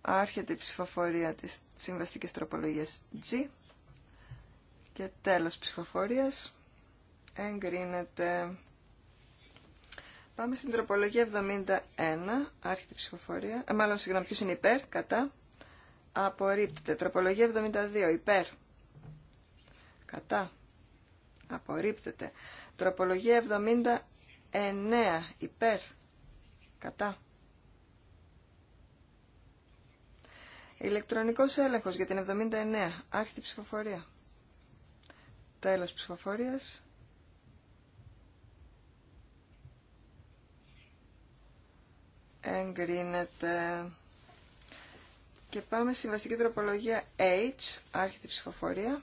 Άρχεται η ψηφοφορία της συμβαστικής τροπολογίας G. Και τέλος ψηφοφορίας. Εγκρίνεται. Πάμε στην τροπολογία 71, άρχιτη ψηφοφορία. Ε, μάλλον, συγγνώμη, ποιος είναι υπέρ, κατά. Απορρίπτεται. Τροπολογία 72, υπέρ. Κατά. Απορρίπτεται. Τροπολογία 79, υπέρ. Κατά. Ηλεκτρονικός έλεγχος για την 79, άρχιτη ψηφοφορία. Τέλος ψηφοφορίας. εγκρίνεται. Και πάμε στη βασική τροπολογία H, άρχιτη ψηφοφορία.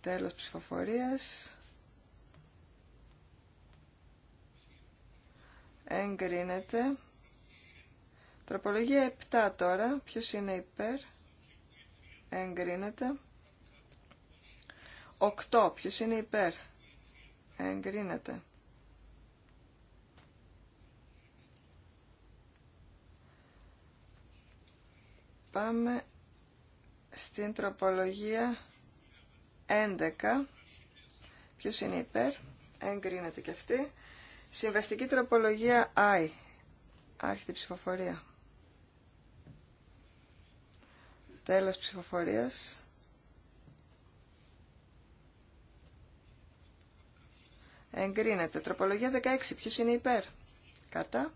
Τέλος ψηφοφορίας. Εγκρίνεται. Τροπολογία 7 τώρα. Ποιος είναι υπέρ. Εγκρίνεται. 8. Ποιος είναι υπέρ. Εγκρίνεται. Πάμε στην τροπολογία 11. Ποιος είναι υπέρ. Εγκρίνεται και αυτή. Συμβαστική τροπολογία I. Άρχεται ψηφοφορία. Τέλος ψηφοφορίας. Εγκρίνεται. Τροπολογία 16. Ποιος είναι υπέρ. Κατά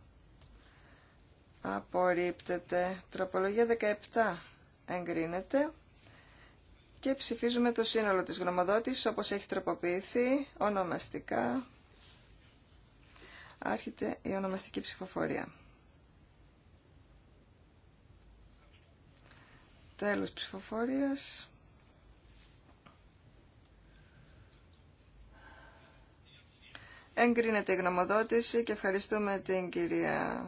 απορρίπτεται. Τροπολογία 17 εγκρίνεται. Και ψηφίζουμε το σύνολο της γνωμοδότησης όπως έχει τροποποιηθεί ονομαστικά. Άρχεται η ονομαστική ψηφοφορία. Τέλος ψηφοφορίας. Εγκρίνεται η γνωμοδότηση και ευχαριστούμε την κυρία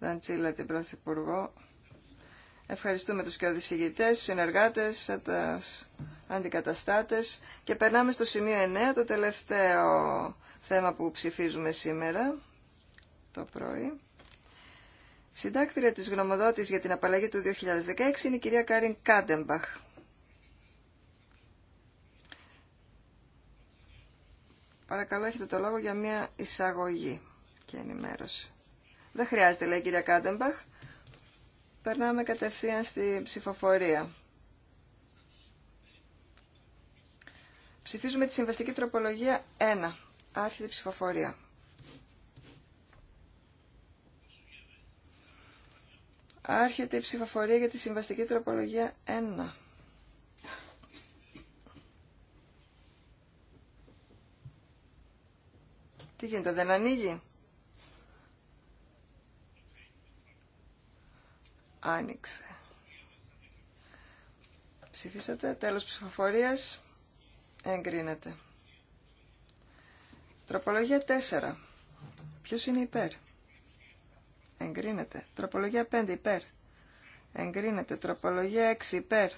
Δαντσίλα, την Πρωθυπουργό. Ευχαριστούμε τους και οδησηγητές, τους συνεργάτες, τους αντικαταστάτες και περνάμε στο σημείο 9, το τελευταίο θέμα που ψηφίζουμε σήμερα το πρωί. Συντάκτρια της γνωμοδότης για την απαλλαγή του 2016 είναι η κυρία Κάριν Κάντεμπαχ. Παρακαλώ έχετε το λόγο για μια εισαγωγή και ενημέρωση. Δεν χρειάζεται, λέει η κυρία Κάντεμπαχ. Περνάμε κατευθείαν στη ψηφοφορία. Ψηφίζουμε τη συμβαστική τροπολογία 1. Άρχεται η ψηφοφορία. Άρχεται η ψηφοφορία για τη συμβαστική τροπολογία 1. Τι γίνεται, δεν ανοίγει. άνοιξε. Ψηφίσατε. Τέλος ψηφοφορίας. Εγκρίνεται. Τροπολογία 4. Ποιος είναι υπέρ. Εγκρίνεται. Τροπολογία 5 υπέρ. Εγκρίνεται. Τροπολογία 6 υπέρ.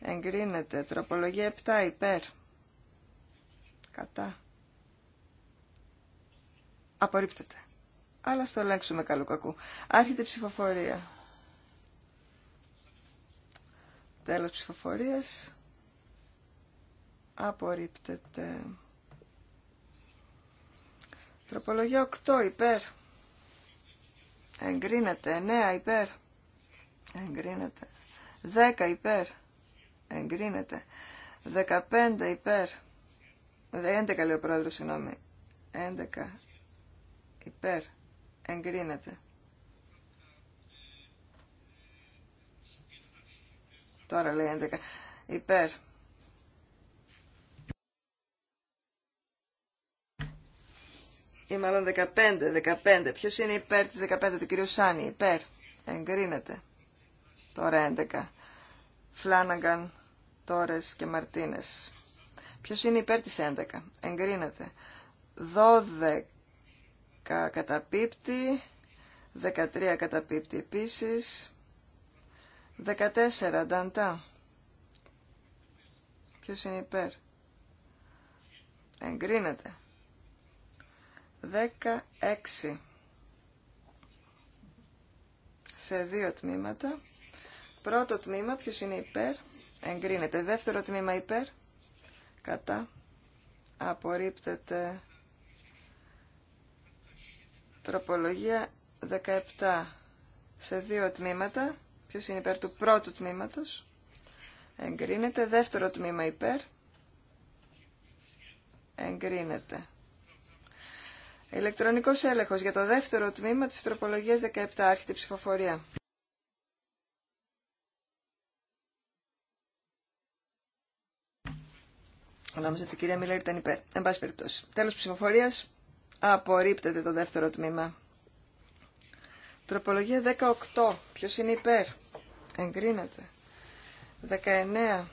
Εγκρίνεται. Τροπολογία 7 υπέρ. Κατά. Απορρίπτεται. Αλλά στο ελέγξουμε καλού κακού. Άρχεται ψηφοφορία. Τέλος ψηφοφορίας. Απορρίπτεται. Τροπολογία 8 υπέρ. Εγκρίνεται. 9 υπέρ. Εγκρίνεται. 10 υπέρ. Εγκρίνεται. 15 υπέρ. 11 λέει ο πρόεδρος, συγγνώμη. 11 υπέρ. Εγκρίνεται. Τώρα λέει 11. Υπέρ. Ή μάλλον 15, 15. Ποιος είναι υπέρ της 15 του κυρίου Σάνι. Υπέρ. Εγκρίνεται. Τώρα 11. Φλάνναγκαν, Τόρες και Μαρτίνες. Ποιος είναι υπέρ της 11. Εγκρίνεται. 12 καταπίπτει. 13 καταπίπτει επίσης. 14. Νταντά. Ποιο είναι υπέρ. Εγκρίνεται. 16. Σε δύο τμήματα. Πρώτο τμήμα, ποιος είναι υπέρ. Εγκρίνεται. Δεύτερο τμήμα υπέρ. Κατά. Απορρίπτεται. Τροπολογία 17. Σε δύο τμήματα. Ποιος είναι υπέρ του πρώτου τμήματος. Εγκρίνεται. Δεύτερο τμήμα υπέρ. Εγκρίνεται. Ηλεκτρονικός έλεγχος για το δεύτερο τμήμα της τροπολογίας 17. Άρχεται ψηφοφορία. Νόμιζα ότι η κυρία Μιλέρη ήταν υπέρ. Εν πάση περιπτώσει. Τέλος ψηφοφορίας. Απορρίπτεται το δεύτερο τμήμα. Τροπολογία 18. Ποιος είναι υπέρ εγκρίνεται. 19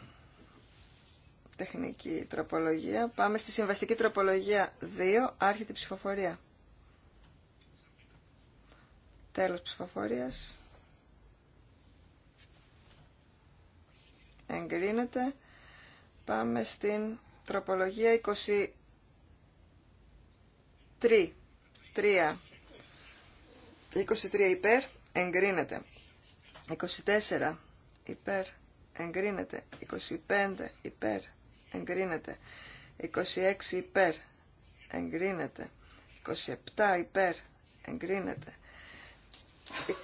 τεχνική τροπολογία. Πάμε στη συμβαστική τροπολογία 2, άρχεται η ψηφοφορία. Τέλος ψηφοφορίας. Εγκρίνεται. Πάμε στην τροπολογία 23. 3. 23 υπέρ. Εγκρίνεται. 24 υπέρ εγκρίνεται 25 υπέρ εγκρίνεται 26 υπέρ εγκρίνεται 27 υπέρ εγκρίνεται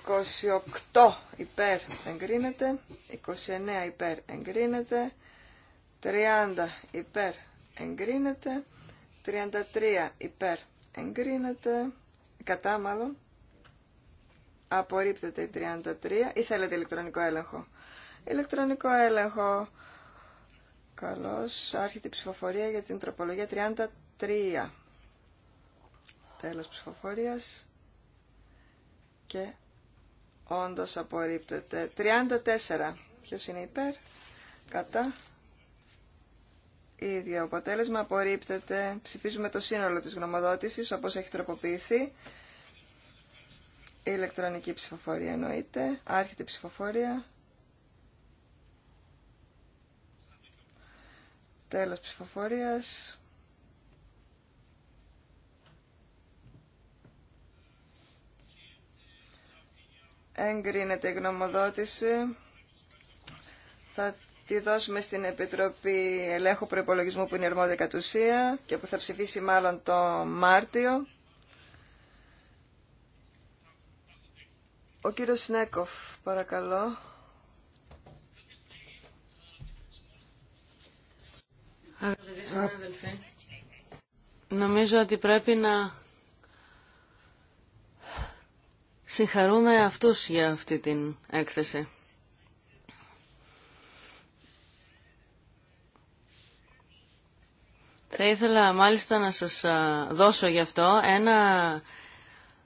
28 υπέρ εγκρίνεται 29 υπέρ εγκρίνεται 30 υπέρ εγκρίνεται 33 υπέρ εγκρίνεται κατά μάλλον Απορρίπτεται η 33. Ή θέλετε ηλεκτρονικό έλεγχο. Ηλεκτρονικό έλεγχο. Καλώς. Άρχεται η ψηφοφορία για την τροπολογία 33. Τέλος ψηφοφορίας. Και όντως απορρίπτεται. 34. Ποιος είναι υπέρ. Κατά. Ίδιο αποτέλεσμα απορρίπτεται. Ψηφίζουμε το σύνολο της γνωμοδότησης όπως έχει τροποποιηθεί. Η ηλεκτρονική ψηφοφορία εννοείται. Άρχεται η ψηφοφορία. Τέλος ψηφοφορίας. Εγκρίνεται η γνωμοδότηση. Θα τη δώσουμε στην Επιτροπή Ελέγχου Προπολογισμού που είναι αρμόδια κατ' και που θα ψηφίσει μάλλον το Μάρτιο. Ο κύριος Σνέκοφ, παρακαλώ. νομίζω ότι πρέπει να συγχαρούμε αυτούς για αυτή την έκθεση. Θα ήθελα μάλιστα να σας δώσω γι' αυτό ένα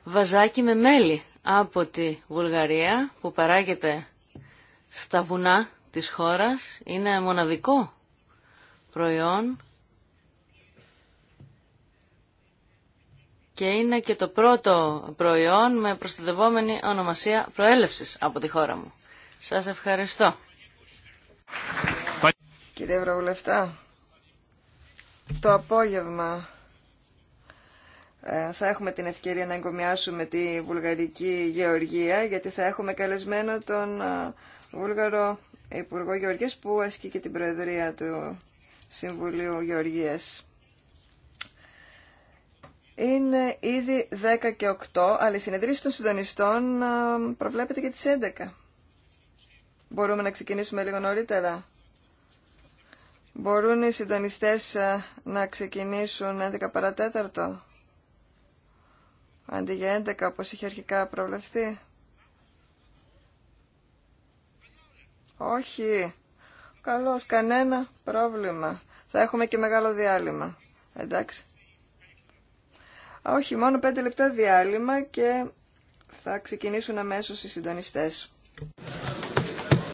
βαζάκι με μέλι από τη Βουλγαρία που παράγεται στα βουνά της χώρας είναι μοναδικό προϊόν και είναι και το πρώτο προϊόν με προστατευόμενη ονομασία προέλευσης από τη χώρα μου. Σας ευχαριστώ. Κύριε Ευρωβουλευτά, το απόγευμα ε, θα έχουμε την ευκαιρία να εγκομιάσουμε τη βουλγαρική γεωργία γιατί θα έχουμε καλεσμένο τον ε, βούλγαρο Υπουργό Γεωργίας που ασκεί και την Προεδρία του Συμβουλίου Γεωργίας. Είναι ήδη 10 και 8, αλλά η συνεδρίση των συντονιστών ε, προβλέπεται και τις 11. Μπορούμε να ξεκινήσουμε λίγο νωρίτερα. Μπορούν οι συντονιστές να ξεκινήσουν 11 παρατέταρτο αντί για 11 όπως είχε αρχικά προβλεφθεί. Όχι. Καλώς, κανένα πρόβλημα. Θα έχουμε και μεγάλο διάλειμμα. Εντάξει. Όχι, μόνο 5 λεπτά διάλειμμα και θα ξεκινήσουν αμέσως οι συντονιστές.